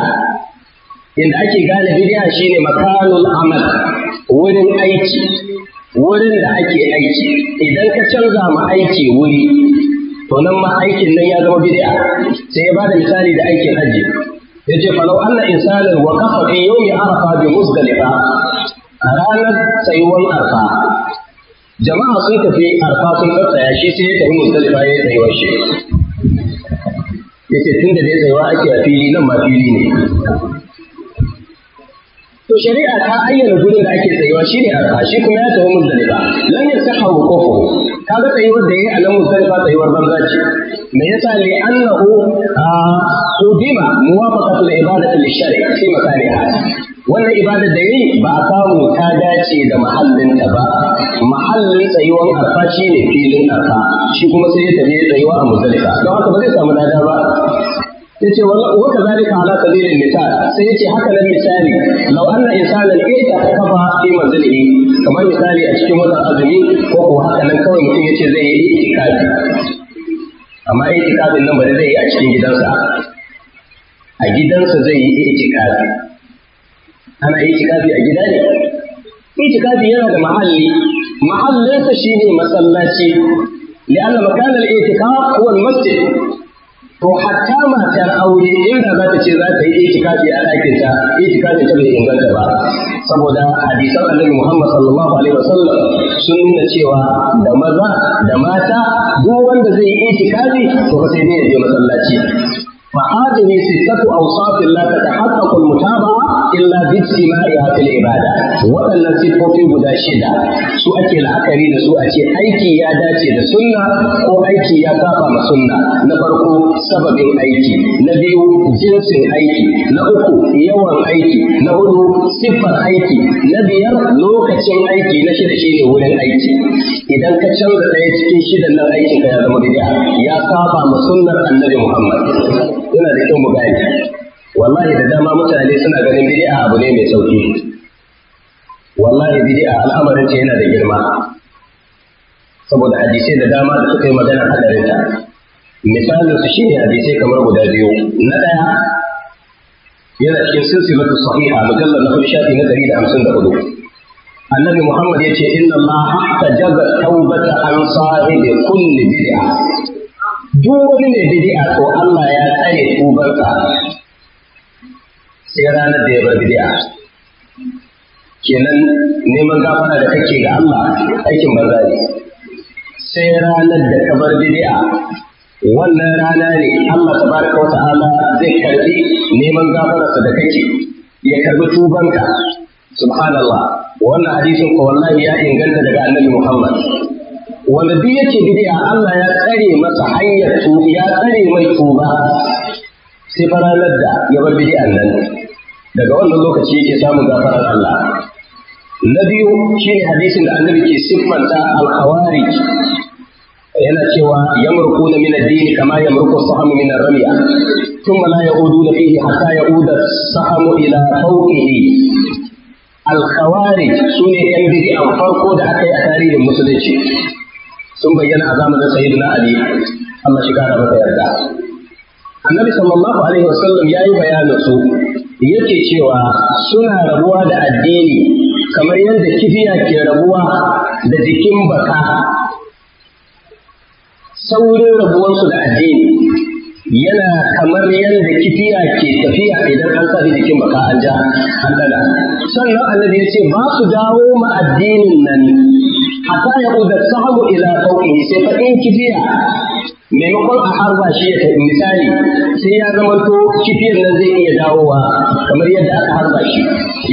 inda ake gane bid'a shine makanul amal wurin aiki wurin da ake aiki idan ka canza ma aiki wuri to nan ma aikin nan ya zama bid'a sai ya bada misali da aikin hajji Yace ce falau anna insanin wa kafa fi yawmi arafa bi muzdalifa a ranar tsayuwar arfa jama'a sun tafi arfa sun tsaya shi sai ya tafi muzdalifa ya tsayuwar shi ya ce tun da dai tsayuwa ake a fili nan ma fili ne to shari'a ta ayyana gurin da ake tsayuwa shi ne shi kuma ya tafi muzdalifa lan ya saha wuqufu ka ga tsayuwar da yayi a nan muzdalifa tsayuwar banza ce me yasa ne muwafaka qudima muwafaqatu li ibadati lishari'a fi makaniha wannan ibadar da yayi ba a samu ta dace da ta ba mahallin tsayuwar arfa shi ne filin arfa shi kuma sai ya tafi tsayuwa a muzdalifa don haka ba zai samu lada ba yace wa kadhalika ala sabilil misal sai yace haka nan misali law anna insanan ita kafa fi manzilihi kamar misali a cikin wannan azumi ko ko haka nan kawai mutum yace zai yi itikafi amma itikafin nan ba zai yi a cikin gidansa a gidansa zai yi itikafi ana itikafi a gida ne itikafi yana da mahalli mahallinsa shine masallaci لأن مكان الاعتكاف هو المسجد to hatta matar aure inda za ta ce za ta yi itikafi a ɗakin ta itikafi ta bai inganta ba saboda hadisan annabi Muhammad sallallahu alaihi wasallam sun nuna cewa da maza da mata duk wanda zai yi itikafi to sai ne ya je masallaci fa hadhihi sittatu awsafin la tatahaqqaqu al-mutaba'a illa bijtima'iha fil ibada waɗannan siffofi guda shida su ake la'akari da su a ce aiki ya dace da sunna ko aiki ya saba ma sunna na farko sababin aiki na biyu jinsin aiki na uku yawan aiki na hudu siffar aiki na biyar lokacin aiki na shida shine wurin aiki idan ka canza ɗaya cikin shidan nan aikin ka ya zama bid'a ya saba ma sunnar annabi Muhammad yana da kyau mu gane wallahi da dama mutane suna ganin bid'a abu ne mai sauki wallahi bid'a al'amarin ta yana da girma saboda hadisai da dama da suka yi magana hadarin ta misalin su shine hadisai kamar guda biyu na daya yana cikin silsilatu sahiha mujallal na hudu shafi na hudu. annabi Muhammad ya ce inna Allah haka jaza taubata an sahibi kulli bid'a duk wani mai bid'a to Allah ya tsare tubarsa sai ranar da ya bar bid'a kenan neman gafara da kake ga Allah aikin banza ne sai ranar da ka bar bid'a wannan rana ne Allah tabaraka wa ta'ala zai karbi neman gafararsa da kake ya karbi tubanka subhanallah wannan hadisin ko wallahi ya inganta daga annabi Muhammad wanda duk yake bid'a Allah ya tsare masa hanyar tuba ya tsare mai tuba sai ranar da ya bar bid'an nan daga wannan lokaci yake samun gafarar Allah na biyu ne hadisin da annabi ke siffanta al-khawarij yana cewa yamruku da min ad-din kama yamruku sahamu min ar-ramiya thumma la yaudu da fihi hatta yauda sahamu ila fawqihi al-khawarij sune yan bid'an farko da aka yi a tarihin musulunci sun bayyana a zamanin sayyidina ali Allah shi kara maka yarda annabi sallallahu alaihi wasallam yayi bayanin su yake cewa suna rabuwa da addini kamar yadda kifiya ke rabuwa da jikin baka saurin rabuwarsu da addini yana kamar yadda kifiya ke tafiya idan an sa jikin baka an ja an sannan annabi ya ce ba su dawo ma addinin nan a kayan udar sahabu ila sauƙi sai faɗin kifiya maimakon a harba shi ya tafi misali sai ya zama to kifiyar nan zai iya dawowa kamar yadda aka harba shi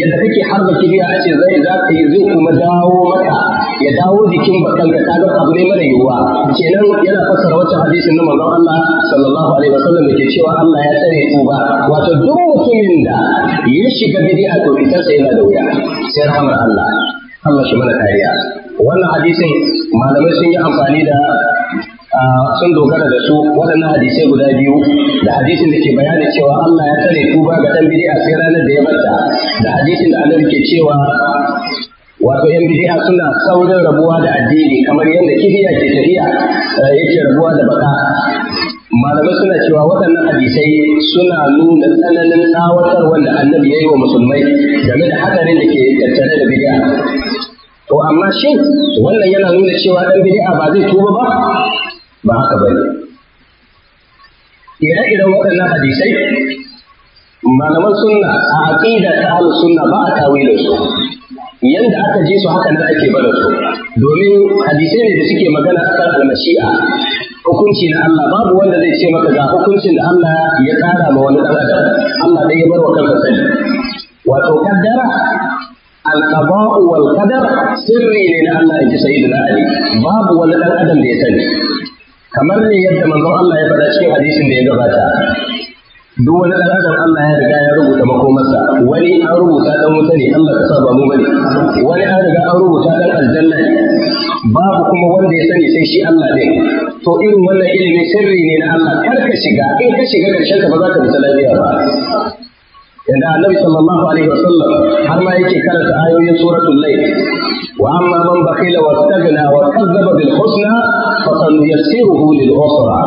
yadda kake harba kifiya a ce zai za ka yi zai kuma dawo maka ya dawo jikin bakanka ka ga abu ne mara yiwuwa kenan yana fassara wata hadisin na manzon Allah sallallahu alaihi wasallam da ke cewa Allah ya tsare tuba wato duk mutumin da ya shiga bid'a to fitarsa yana da wuya sai rahmar Allah Allah shi mana kariya wannan hadisin malamai sun yi amfani da Ah, sun dogara da su waɗannan hadisai guda biyu da hadisin da ke bayani cewa Allah ya tare tuba ga ɗan a sai ranar da ya barta da hadisin da annabi ke cewa wato yan bid'a suna saurin rabuwa da addini kamar yadda kibiya ke tafiya eh, yake rabuwa da baka malamai suna cewa waɗannan hadisai suna nuna tsananin tsawatar wanda annabi ya yi wa musulmai game da hadarin da ke tattare da bid'a to amma shin wannan yana nuna cewa ɗan bid'a ba zai tuba ba ba haka ba ne ire-iren waɗannan hadisai malaman sunna a aqida ta ahlus sunna ba a kawai da su Yadda aka je su haka nan ake bada su domin hadisai ne da suke magana a akan almashi'a hukunci na Allah babu wanda zai ce maka ga hukuncin da Allah ya tsara ma wani dan adam Allah dai ya bar wa kansa sani wato kaddara القضاء ji سري لنا الله Babu wani ɗan adam da ya sani. kamar ne yadda manzon Allah ya faɗa cikin hadisin da ya gabata duk wani ɗan adam Allah ya riga ya rubuta makomarsa wani an rubuta ɗan wuta ne Allah ka ba mu bane wani an riga an rubuta ɗan aljanna babu kuma wanda ya sani sai shi Allah ne to irin wannan ilimin sirri ne na Allah kar ka shiga in ka shiga karshen ka ba za ka fita lafiya ba yadda annabi sallallahu alaihi wasallam har ma yake karanta ayoyin suratul layl wa amma man bakhila wastaghna wa kazzaba bil husna fa sanuyassiruhu lil usra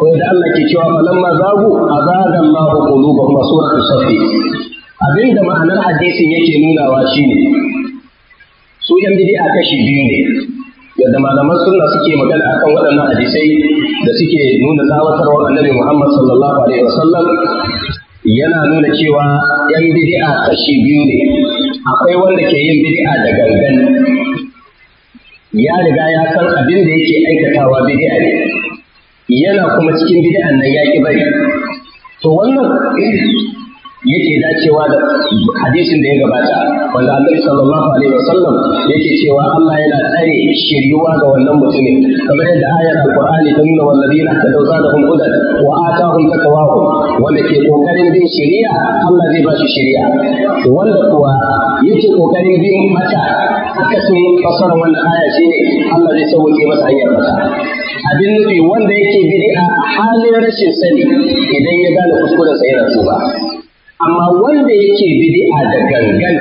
ko yadda Allah ke cewa falamma zagu azaga Allahu qulubahum suratul safi abinda ma'anar hadisin yake nunawa shine su yan bid'a kashi biyu ne yadda malaman sunna suke magana akan waɗannan hadisai da suke nuna tsawatarwar annabi Muhammad sallallahu alaihi wasallam yana nuna cewa ‘yan bidi'a kashi biyu ne, akwai wanda ke yin bidi’a da gangan, ya riga ya san abin da yake aikatawa bidi’a ne, yana kuma cikin bidi’an nan ya bari. To wannan yake dacewa da hadisin da ya gabata wanda Annabi sallallahu alaihi wasallam yake cewa Allah yana tsare shiryuwa ga wannan mutumin kamar yadda ayar alqur'ani ta nuna walladina tadaw zadahum hudan wa atahum taqwahum wanda ke kokarin bin shiriya Allah zai ba shi shiriya wanda kuwa yake kokarin bin mata akasin fasarar wannan aya shine Allah zai sauke masa hanyar mata abin nufi wanda yake bid'a halin rashin sani idan ya gane kuskuren sa yana tuba amma wanda yake bid'a da gangan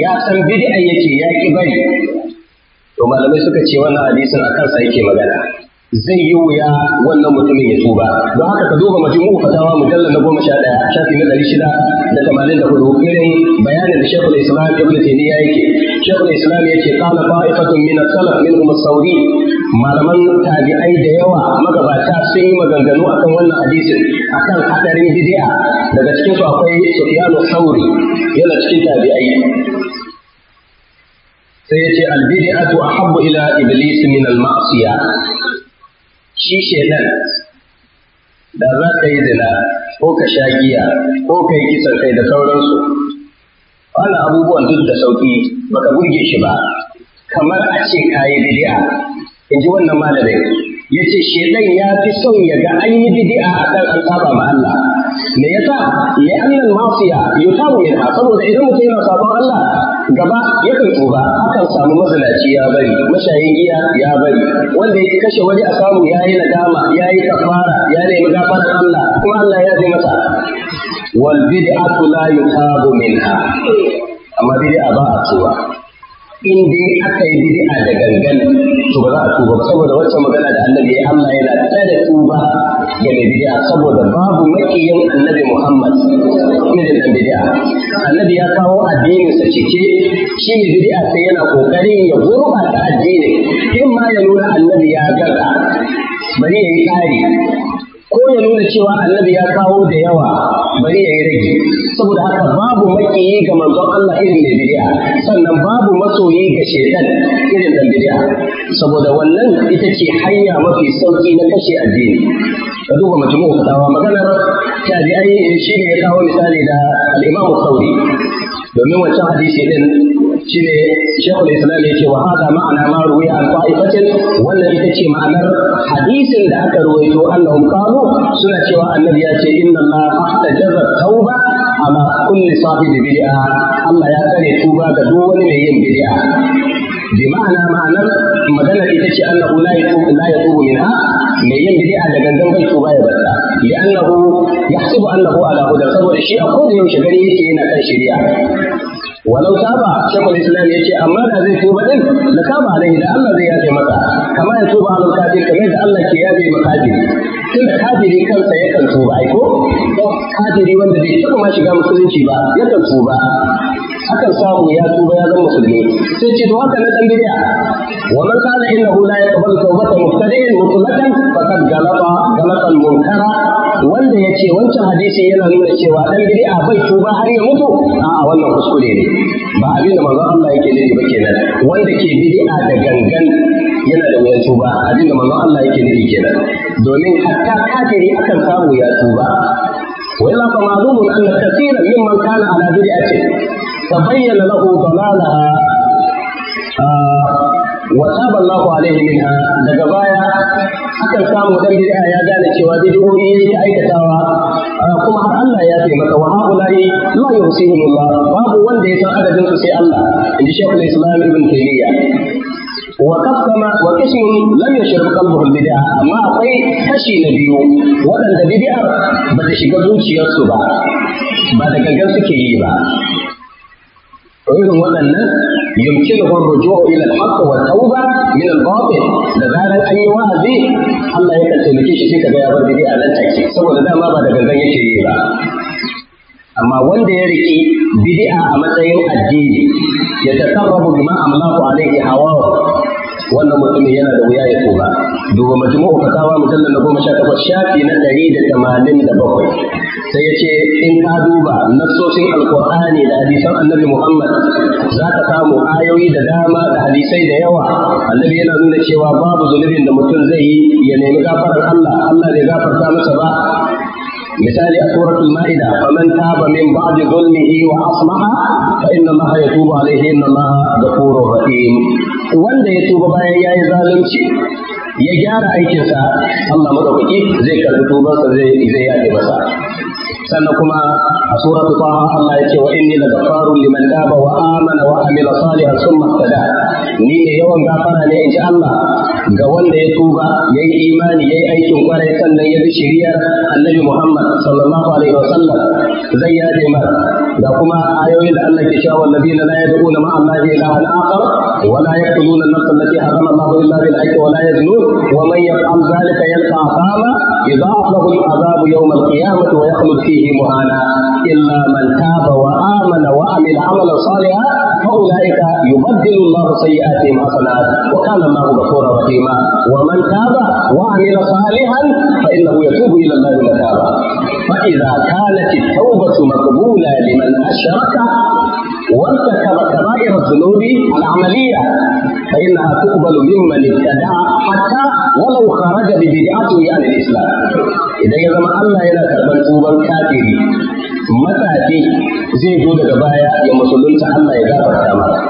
ya san bid'a yake ya ki bari to malamai suka ce wannan hadisin a kansa yake magana zai yi wuya wannan mutumin ya tuba don haka ka duba majmu'u fatawa mujallal na goma sha ɗaya shafi na ɗari shida da tamanin da hudu irin bayanin da shekul islam ibn taymiya yake shekul islam yace qala fa'ifatun min as-salaf minhum as-sauri malaman tabi'ai da yawa magabata sun yi maganganu akan wannan hadisin akan hadarin bid'a daga cikin su akwai sufyan as-sauri yana cikin tabi'ai sai yace al-bid'atu ahabbu ila iblis min al-ma'siyah shi nan da za ka yi zina ko ka sha giya ko ka yi kisan kai da sauransu wannan abubuwan duk da sauki baka burge shi ba kamar a ce ka yi bidi'a in ji wannan malamin ya ce shedan ya fi son ya ga an yi bidi'a a kan an saba ma Allah me yasa li'annal masiya yutabu minha saboda idan mutum yana sabon Allah gaba ya yakan tsuba akan samu mazinaci ya bari mashayin giya ya bari wanda yake kashe waje a samu ya yi nadama ya yi kafara ya nemi gafarar Allah kuma Allah ya zai masa wal bid'atu la yutabu minha amma bid'a ba a in dai aka yi bid'a da gangan to ba za a tuba saboda wacce magana da annabi ya Allah yana tsada tuba ga mai bid'a saboda babu makiyin annabi Muhammad irin dan bid'a annabi ya kawo addinin sa cike shi ne bid'a sai yana kokarin ya gurbata addinin in ma ya nuna annabi ya gaza bari ya yi tsari ko ya nuna cewa annabi ya kawo da yawa bari ya yi rage saboda haka babu makiyi ga manzon Allah irin mai sannan babu masoyi ga shaitan irin dan saboda wannan ita ce hanya mafi sauki na kashe addini ka duba majmu'u fatawa maganar tabi'ai shi ne ya kawo misali da al-Imam Sauri domin wancan hadisi din ne shekul islam ya ce wa hada ma'ana ma ruwiya an qa'ifatin wannan ita ce ma'anar hadisin da aka ruwaito annahum qalu suna cewa annabi ya ce inna allaha ahtajaza tauba ala kulli sahibi bid'a Allah ya tsare tuba ga duk wani mai yin bid'a bima'ana ma'anar magana ita ce annahu la yatubu la yatubu minha mai yin a da gangan bai tuba ya bata li'annahu yahsibu annahu ala huda saboda shi a koda yau gari yake yana kan shari'a walau saba shekul islam yace amma da zai tuba din da saba alaihi da Allah zai yaje maka. kama ya tuba al kafir kamar da Allah ke maka ma kafiri tunda kafiri kansa yakan tuba ai ko kafiri wanda bai taba ma shiga musulunci ba yakan tuba akan samu ya tuba ya zama musulmi sai ce to haka na dan bidiya wa man kana hu la yaqbal tawbata muftadin mutlaqan faqad galata galatan munkara wanda ya ce wancan hadisi yana nuna cewa dan bidiya bai tuba har ya mutu a'a wannan kuskure ne ba abin da manzo Allah yake nufi ba kenan wanda ke bidiya da gangan yana da wuyan tuba abin da manzo Allah yake nufi kenan domin hatta kafiri akan samu ya tuba وإلا فمعلوم أن كثيرا ممن كان على بدعته تبين له ضلالها وتاب الله عليه منها دغبايا akan samu dan bid'a ya gane cewa bid'o'i yake aikatawa ah, kuma har Allah ya ce maka wa ha'ulai la yusihum Allah babu wanda ya san adadin su sai Allah inji Sheikh Al-Islam Ibn Taymiyyah wa qasama wa qismun lam yashrib qalbuhu amma akwai kashi na biyu waɗanda bid'a ba ta shiga zuciyarsu ba ba da gangan suke yi ba irin waɗannan yumkinuhum ruju'u ila al-haqq wa tauba min al-batil da zarar an yi wa'azi Allah yakan taimake shi sai kaga ya bar a nan take saboda dama ba da gangan yake yi ba amma wanda ya riki bid'a a matsayin addini ya tasarrafu bima amlaku alaihi hawahu wannan mutumin yana da wuya ya tuba duba majmu'u fatawa mujallal na goma sha takwas shafi na ɗari da tamanin da bakwai sai ya ce in ka duba nassosin alkur'ani da hadisan annabi muhammad za ka samu ayoyi da dama da hadisai da yawa annabi yana nuna cewa babu zunubin da mutum zai yi ya nemi gafarar allah allah bai gafarta masa ba misali a suratul ma'ida faman taba min ba'di zulmihi wa asmaha fa inna ya yatubu alayhi inna allaha ghafurur rahim wanda ya tuba bayan ya yi zalunci ya gyara aikinsa Allah madaukaki zai karbi tubansa zai zai yaɗe masa sannan kuma a suratu taha Allah yace wa inni la ghafarun liman taba wa amana wa amila salihan thumma ihtada ni ne yawan gafara ne in ji Allah ga wanda ya tuba yayi imani yi aikin kwarai sannan ya bi shari'ar Annabi Muhammad sallallahu alaihi wa sallam, zai yaje mara da kuma ayoyin da Allah ke cewa wallazina la yad'una ma'a Allahi ilahan akhar wa la yaqtuluna an-nafs allati harrama Allah illa bil haqqi wa la yaznun wa man yaf'al dhalika yalqa athama yudha'af lahu al-'adhabu yawm al-qiyamati wa yakhlud fihi muhana إلا من تاب وآمن وعمل عملا صالحا فأولئك يبدل الله سيئاتهم حسنات وكان الله غفورا رحيما ومن تاب وعمل صالحا فإنه يتوب إلى الله متابا فإذا كانت التوبة مقبولة لمن أشرك وارتكب كبائر الذنوب العملية فإنها تقبل ممن ابتدع حتى ولو خرج ببدعته عن يعني الإسلام إذا ما الله إلى كربان توبا كافري matsafi zai zo daga baya ya musulunta Allah ya gafarta masa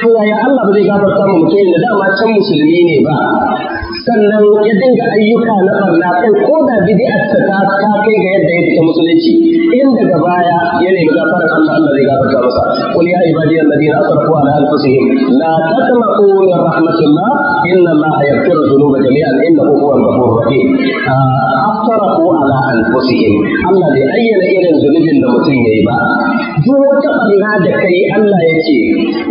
to yaya Allah ba zai gafarta mu mutum da dama can musulmi ne ba sannan ya dinga ayyuka na barna ɗin ko da ta ta kai ga yadda ya fita musulunci in daga baya ya nemi gafarar Allah Allah zai gafarta masa qul ya alladhina asrafu ala anfusihim la taqnatu min rahmatillah inna yaghfiru dhunuba jami'an innahu huwal ghafurur rahim ah, asrafu ala anfusihim Allah bai ayyana irin zunubin da mutum yayi ba duk wata barna da kai Allah yace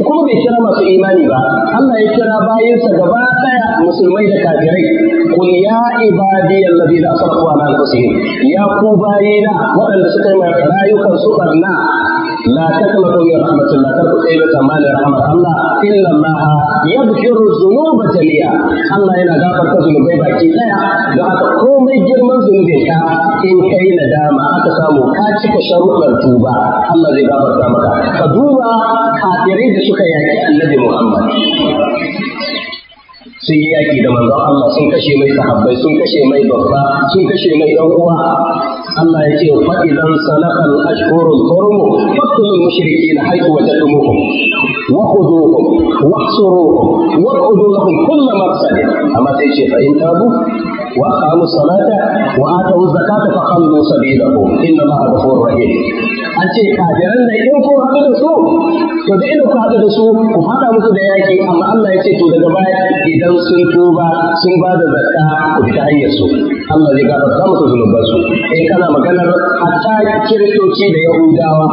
kuma bai kira masu imani ba Allah ya kira bayansa gaba daya musulmai da kafin kafirai kul ya ibadiyal ladina asrafu ala anfusihim ya ku bayina waɗanda suka yi rayukan su barna la taqnatu min rahmatillah kar ku tsaye tsammanin rahmar Allah illa Allah yaghfiru dhunuba jami'a Allah yana gafarta zunubai baki daya da aka komai girman zunubin ka in kai nadama aka samu ka cika sharuɗar tuba Allah zai gafarta maka ka duba kafirai da suka yaki annabi Muhammad sun yi yaƙi da manzon Allah sun kashe mai sahabbai sun kashe mai babba sun kashe mai ɗan uwa Allah ya ce fa idan salakal ashhurul hurum fatul mushrikin haythu wajadtumuhum wa khuduhum wa ahsuruhum wa qudu kullu kull amma sai ce fa in tabu wa aqamu salata wa atu zakata fa khallu sabilahum inna Allah ghafurur rahim an ce kafiran na in ko haɗu da su to da inda ku haɗu da su ku musu da yaƙi amma Allah ya ce to daga baya idan sun tuba sun ba da zakka ku fita hanyar su Allah zai gafarta musu zunuban su in eh, kana maganar hatta kiristoci da yahudawa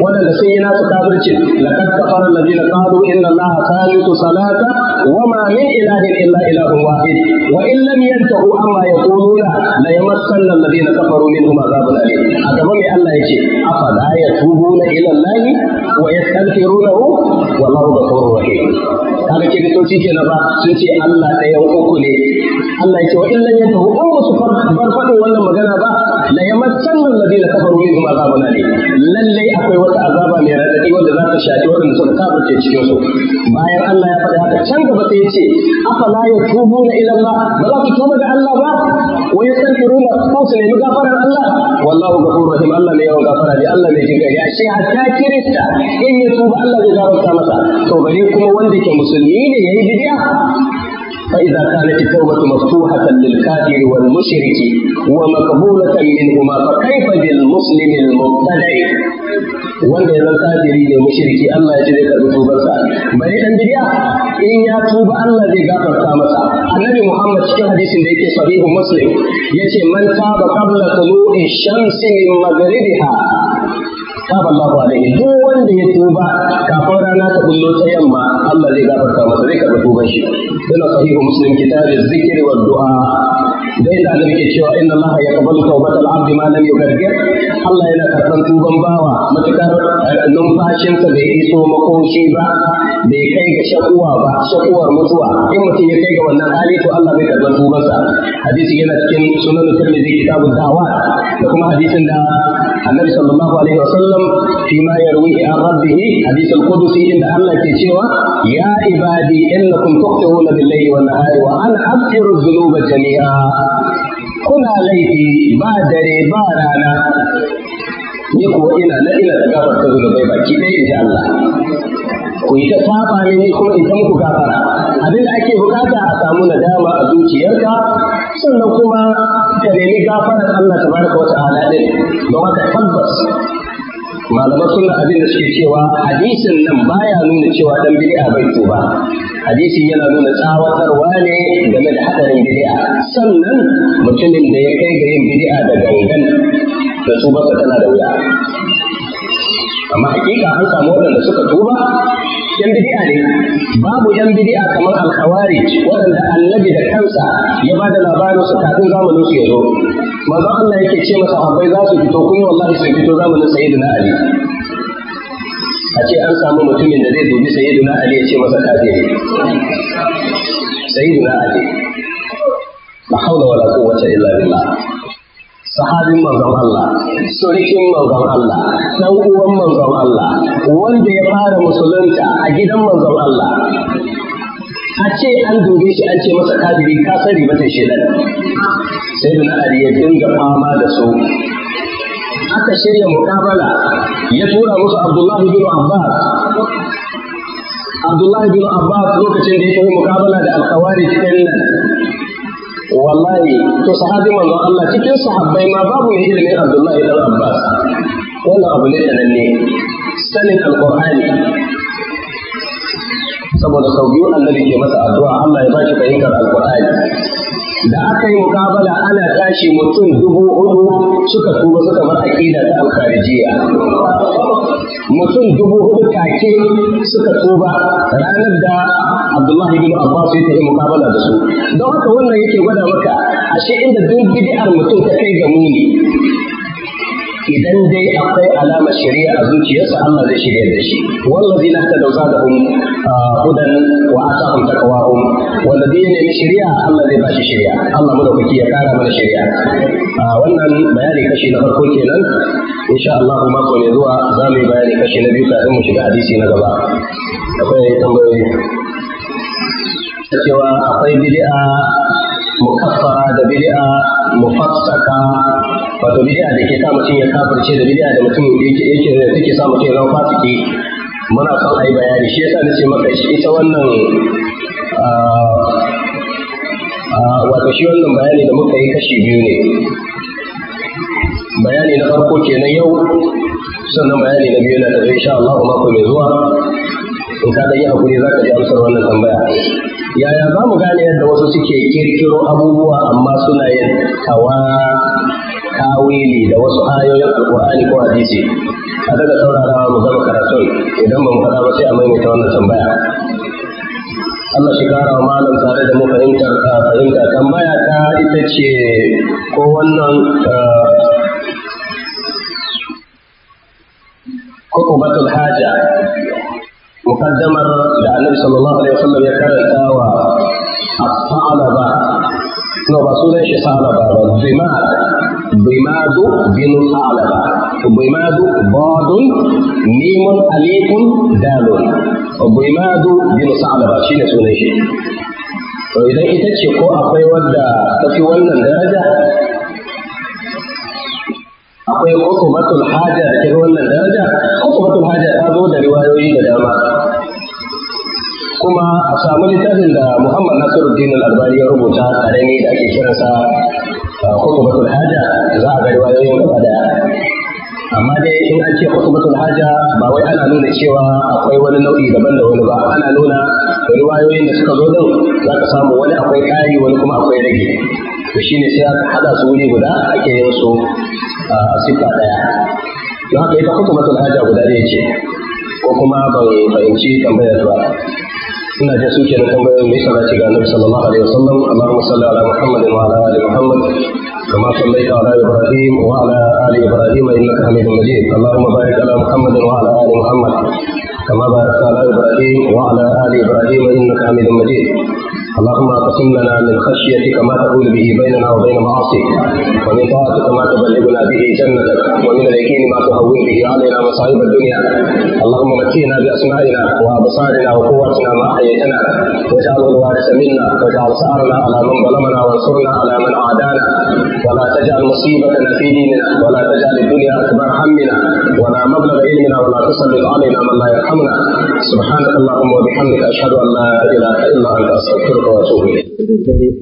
waɗanda sun yi nasu kafircin laqad kafara alladhina qalu inna allaha thalithu salata wama min ilahin illa ilahun wahid wa in lam yantahu amma yaquluna la yamassanna alladhina kafaru minhum azabun alim a gaba mai Allah ya ce la yatubuna ila Allah wa yastaghfirunahu wallahu ghafurur rahim kaga kiristoci kenan ba sun Allah ɗayan uku ne Allah ya ce wa in lam yantahu su bar faɗin wannan magana ba la yamassanna alladhina kafaru minhum azabun ne. lalle akwai wata azaba mai radadi wanda za ta shafi waɗanda suka kafirce cikin su bayan Allah ya faɗi haka can gaba sai ya ce afala yatubuna ila Allah ba za su tuba ga Allah ba wa yastaghfiruna ko su nemi gafarar Allah wallahu ghafurur rahim Allah ne yawan gafara ne Allah ne jin Ya ashe hatta kirista in ya tuba Allah zai gafarta masa to bare kuma wanda ke musulmi ne yayi bid'a فإذا كانت التوبة مفتوحة للكافر والمشرك ومقبولة منهما فكيف بالمسلم المبتدع wanda ya zan kafiri ne mushriki Allah ya ce zai karbi tubarsa bari dan bidiya in ya tuba Allah zai gafarta masa annabi Muhammad cikin hadisin da yake sahihu muslim yace man taba qabla tulu'i shamsi min taba Allah alaihi duk wanda ya tuba kafin rana ta bullo ta yamma Allah zai gafarta masa zai karɓi tuban shi. Yana sahihu Muslim kitab zikiri wa du'a da yadda Allah yake cewa inna Allah ya qabalu tawbatal abdi ma lam yugargir Allah yana karban tuban bawa matukar eh, numfashinsa bai iso makoshi ba bai kai ga shakuwa ba shakuwar mutuwa in mutum ya kai ga wannan hali to Allah bai karban tubansa hadisi yana cikin sunan Tirmidhi kitabud da'wa da kuma hadisin da Annabi sallallahu alaihi wasallam fi ma yarwihi an rabbih hadith al-qudusi inda Allah ke cewa ya ibadi innakum tuqtuna bil-layli wan-nahari wa ana aghfiru dhunuba jami'a kuna laifi ba dare ba rana ni kuwa ina na ina da gafarta zunubai baki ɗaya in ji Allah ku yi ta ne ne kuma in san ku gafara abin da ake bukata a samu nadama a zuciyarka sannan kuma ka nemi gafarar Allah ta wa ta'ala ɗin don haka tabbas malaman suna abin da suke cewa hadisin nan baya nuna cewa dan bid'a bai tuba hadisi yana nuna tsawatarwa ne game da hadarin bid'a sannan mutumin da ya kai ga yin bid'a da gangan da tubarsa tana da wuya amma hakika an samu waɗanda suka tuba yan bid'a ne babu yan bid'a kamar alkhawarij waɗanda annabi da kansa ya ba da labarin su kafin zamanin su ya zo manzon Allah yake ce masa habbai za su fito kun yi wallahi sun fito zamanin sayyidina Ali a ce an samu mutumin da zai dubi sayyidina Ali ya ce masa kafiri sayyidina Ali la haula wala quwwata illa billah sahabin manzon Allah surikin manzon Allah dan uwan manzon Allah wanda ya fara musulunta a gidan manzon Allah a ce an doge shi an ce masa kafiri ka sani mata shedan sai da ali ya dinga fama da su aka shirya muƙabala ya tura musu abdullahi bin abbas abdullahi bin abbas lokacin da ya tafi muƙabala da alkawari cikin nan wallahi to sahabi manzo Allah cikin sahabbai ma babu mai ilimin abdullahi bin abbas wannan abu ne sananne sanin alqur'ani saboda sau biyu annabi ke masa addu'a Allah ya bashi fahimtar alqur'ani da aka yi mukabala ana tashi mutum dubu hudu suka tuba suka bar aqida ta alkharijiya mutum dubu hudu take suka tuba ranar da Abdullahi bin Abbas ya yi mukabala da su don haka wannan yake gwada maka ashe inda duk bid'ar mutum ta kai ga muni idan dai akwai alama shari'a a zuciyarsa Allah zai shirya da shi wallazi na da zadahum ah, hudan wa atahum taqwahum wallazi ne mai shari'a Allah zai bashi shari'a Allah mu da kuke ya kara mana shari'a ah, wannan bayani kashi na farko kenan insha Allah mako ne zuwa za mu yi bayani kashi na biyu kafin mu shiga hadisi na gaba akwai tambayoyi cewa akwai bid'a mukaffara da bid'a mufassaka wato bid'a da ke sa mutum ya kafirce da bid'a da mutum yake yake da take sa mutum ya zama fasiki muna son ayi bayani shi yasa nace maka ita wannan ah, ah, wato shi wannan bayani da muka yi kashi biyu ne bayani na farko kenan yau sannan bayani na biyu na da insha Allah mako mai zuwa in ka da yi hakuri za ka ji amsar wannan tambaya yaya za mu gane yadda wasu suke kirkiro abubuwa amma suna yin tawa tawili da wasu ayoyin alkur'ani ko hadisi a daga saurarawa mu zama karatun idan ba mu faɗa ba sai a maimaita wannan tambaya Allah shi kara wa malam tare da mu fahimtar fahimta tambaya ta ita ce ko wannan ko kuma haja مقدمر الى النبي صلى الله عليه وسلم يكره الكاوى الثعلبة نو رسول ايش ثعلبة الضماد ضماد بن ثعلبة الضماد باد ميم أليف دال الضماد بن ثعلبة شنو رسول ايش وإذا كنت تشكو أخي ودى تفي ولن درجة akwai ukubatul haja da ke wannan daraja ukubatul haja ta zo da riwayoyi da dama kuma a samu littafin da Muhammad Nasiruddin Al-Albani ya rubuta karami da ake sa hukumatul uh, haja za a ga riwayoyin da da amma dai in an ce hukumatul haja ba wai ana nuna cewa akwai wani nau'i daban da wani ba ana nuna riwayoyin da suka zo din za ka samu wani akwai kari wani kuma akwai rage to shine sai aka hada su wuri guda ake yin su sifa daya don haka ita hukumatul haja guda ɗaya ce ko kuma ban fahimci tambayar ba ina jin suke da tambayoyin mai sana ce ga annabi sallallahu alaihi wasallam Allahumma salli ala Muhammad wa ala ali Muhammad kama sallaita ala Ibrahim wa ala ali Ibrahim innaka Hamidum Majid Allahumma barik ala Muhammad wa ala ali Muhammad kama barakta ala Ibrahim wa ala ali Ibrahim innaka Hamidum Majid اللهم اقسم لنا من خشيتك ما تحول به بيننا وبين معاصيك ومن طاعتك ما تبلغنا به جنتك ومن اليقين ما تهون به علينا مصائب الدنيا اللهم متينا باسمائنا وابصارنا وقوتنا ما احييتنا واجعله الوارث منا واجعل ثارنا على من ظلمنا وانصرنا على من عادانا ولا تجعل مصيبتنا في ديننا ولا تجعل الدنيا اكبر همنا ولا مبلغ علمنا ولا تسلط علينا من لا يرحمنا سبحانك اللهم وبحمدك اشهد ان لا اله الا انت استغفرك kawai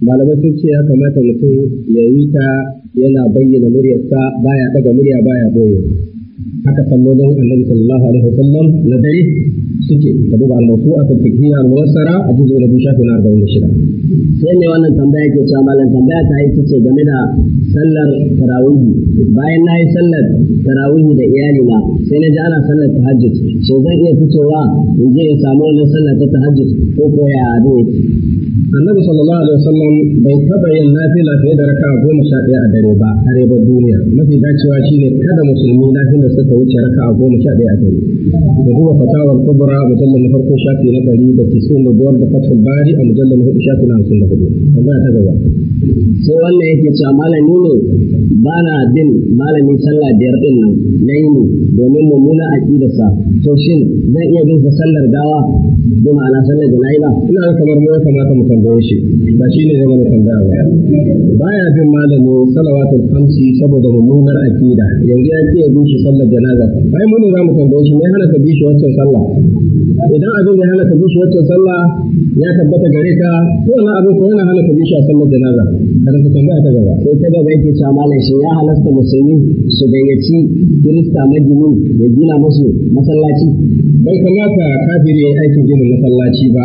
malamai sun ce ya kamata mutum ya yi ta yana bayyana muryarsa baya daga murya baya boye haka sallolin annabi sallallahu alaihi wasallam na dare suke ka duba al-mawsu'a ta fiqhiyya al-muyassara a juz'u da shafi na shida. sai ne wannan tambaya ke cewa malam tambaya ta yi ce game da sallar tarawih bayan na yi sallar tarawih da iyali na sai na ji ana sallar tahajjud So zan iya fitowa in je in samu wannan sallar ta tahajjud ko ko ya abu annabi sallallahu alaihi wasallam bai taba yin nafila fiye da raka'a goma sha ɗaya a dare ba a reba duniya mafi dacewa shine kada musulmi nafila suka wuce raka'a goma sha ɗaya a dare da duba fatawar kubra الكبرى مجلد فرق شافي نقري بتسعين دور بفتح الباري مجلد هو شافي نعسين نقري الله تجوا sai wannan yake cewa malami ne ba na bin malamin sallah biyar din nan na yi ne domin mummuna a aƙidarsa to shin zan iya bin sa sallar gawa bi ma'ana sallar jana'iza ina ga kamar mu ya kamata mu tambaye shi ba shi ne zama da tambaya ba baya bin malamin salawatul khamsi saboda mummunar aƙida yanzu ya ce ya bi shi sallar jana'iza ai mu ne za mu tambaye shi me hana ka bi shi wancan sallah idan abin ya hana ka bishi wacce sallah ya tabbata gare ka to wannan abin ko yana hana ka bishi a sallar janaza kada ka tambaya ta gaba sai ta gaba yake cewa malam shi ya halasta musulmi su gayyaci kirista majinin ya gina musu masallaci bai kamata kafiri ya aikin ginin masallaci ba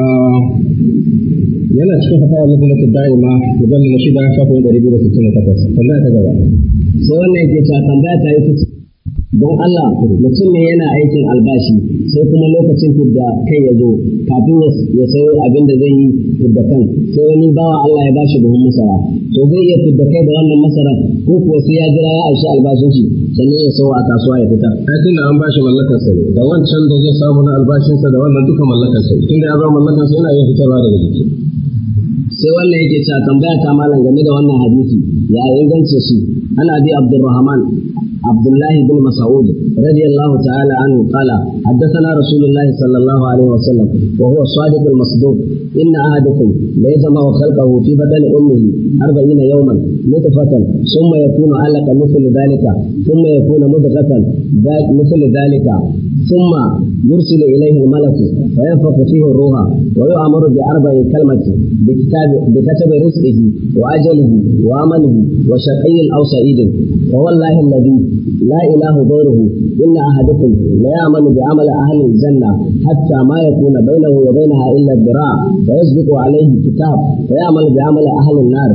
ah, yana cikin fatawar lafiyar da'ima mujallar na shida shafin ɗari biyu da sittin da takwas tambaya ta gaba sai wannan yake cewa tambaya ta yi ta ce. don Allah mutum ne yana aikin albashi sai kuma lokacin fidda kai ya zo kafin ya sayo abin da zai yi fidda kan sai wani bawa Allah ya bashi buhun masara to zai iya fidda kai da wannan masara ko kuwa sai ya jira ya aishi albashin shi sannan ya sayo a kasuwa ya fita. Ai tunda an bashi mallakar sa ne da wancan da zai samu na albashin sa da wannan duka mallakar sa tunda ya zo mallakar sa yana iya fitarwa daga jiki. Sai wannan yake cewa tambaya ta malam game da wannan hadisi ya inganta shi ana bi Abdulrahman عبد الله بن مسعود رضي الله تعالى عنه قال حدثنا رسول الله صلى الله عليه وسلم وهو الصادق المصدوق إن أحدكم ليجمع خلقه في بدن أمه أربعين يوما نطفة ثم يكون علقة مثل ذلك ثم يكون مضغة مثل ذلك ثم يرسل إليه الملك فينفخ فيه الروح ويؤمر بأربع كلمة بكتاب بكتب رزقه وأجله وأمله وشقي أو سعيد فوالله الذي لا إله غيره إن أحدكم لا يأمن بأمر عمل أهل الجنة حتى ما يكون بينه وبينها إلا الذراع ويسبق عليه الكتاب ويعمل بعمل أهل النار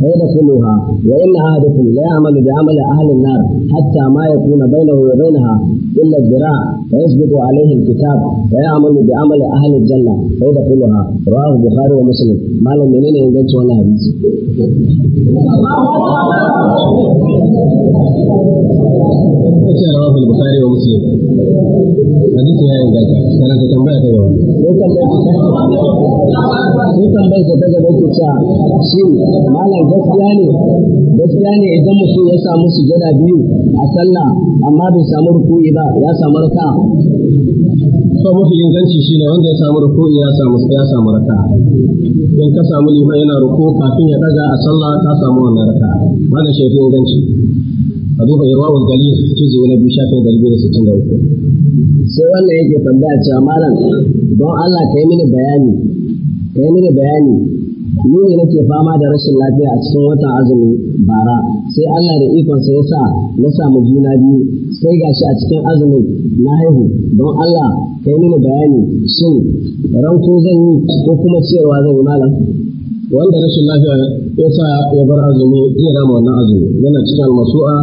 فيدخلها وإن أحدكم لا يعمل بعمل أهل النار حتى ما يكون بينه وبينها إلا الذراع ويسبق عليه الكتاب ويعمل بعمل أهل الجنة فيدخلها رواه البخاري ومسلم ما لم يمن ينجز ولا حديث رواه البخاري ومسلم حديث يا إنجاز أنا تتنبأ كيوم Sukan bai ta daga bai kusa shi malam gaskiya ne gaskiya ne idan mutum ya samu sujada biyu a sallah amma bai samu rukuni ba ya samu raka so mafi inganci shi ne wanda ya samu ruku'i ya samu ya samu raka in ka samu liman yana ruku kafin ya daga a sallah ka samu wannan raka wannan shi inganci a duba a galil cizo na biyu shafin dari biyu da sittin da uku sai wannan yake tambaya cewa malam don Allah ka yi mini bayani ka yi mini bayani ni ne nake fama da rashin lafiya a cikin watan azumi bara sai Allah da ikonsa ya sa na samu juna biyu sai gashi a cikin azumi na haihu don Allah kai mini bayani shin ko zan yi ko kuma ciyarwa zan yi malam wanda rashin lafiya ya sa ya bar azumi zai dama wannan azumi yana cikin almasu'a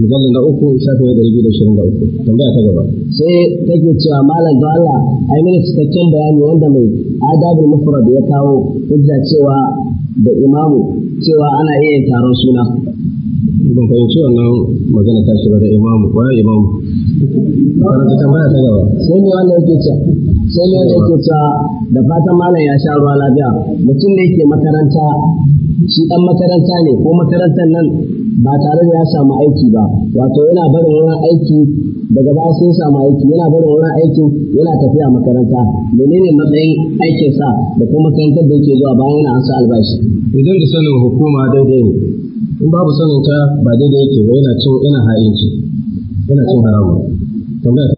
mujallar na uku shafi na da shirin da uku tambaya ta gaba. sai take cewa malam da Allah a yi mini cikakken bayani wanda mai adabul mufrad ya kawo hujja cewa da imamu cewa ana iya taron suna. ban fahimci wannan magana ta shiga da imamu imamu. karanta tambaya ta gaba. sai ne wanda yake cewa sai ne wanda yake cewa da fatan malam ya sha ruwa lafiya mutum da yake makaranta shi dan makaranta ne ko makarantar nan ba tare da ya samu aiki ba wato yana barin wurin aiki daga baya sai samu aiki yana barin wurin aiki yana tafiya makaranta menene matsayin aikin sa da kuma makarantar da yake zuwa bayan yana ansa albashi idan da sanin hukuma daidai ne in babu sanin ta ba daidai yake ba yana cin yana ha'inci yana cin haramun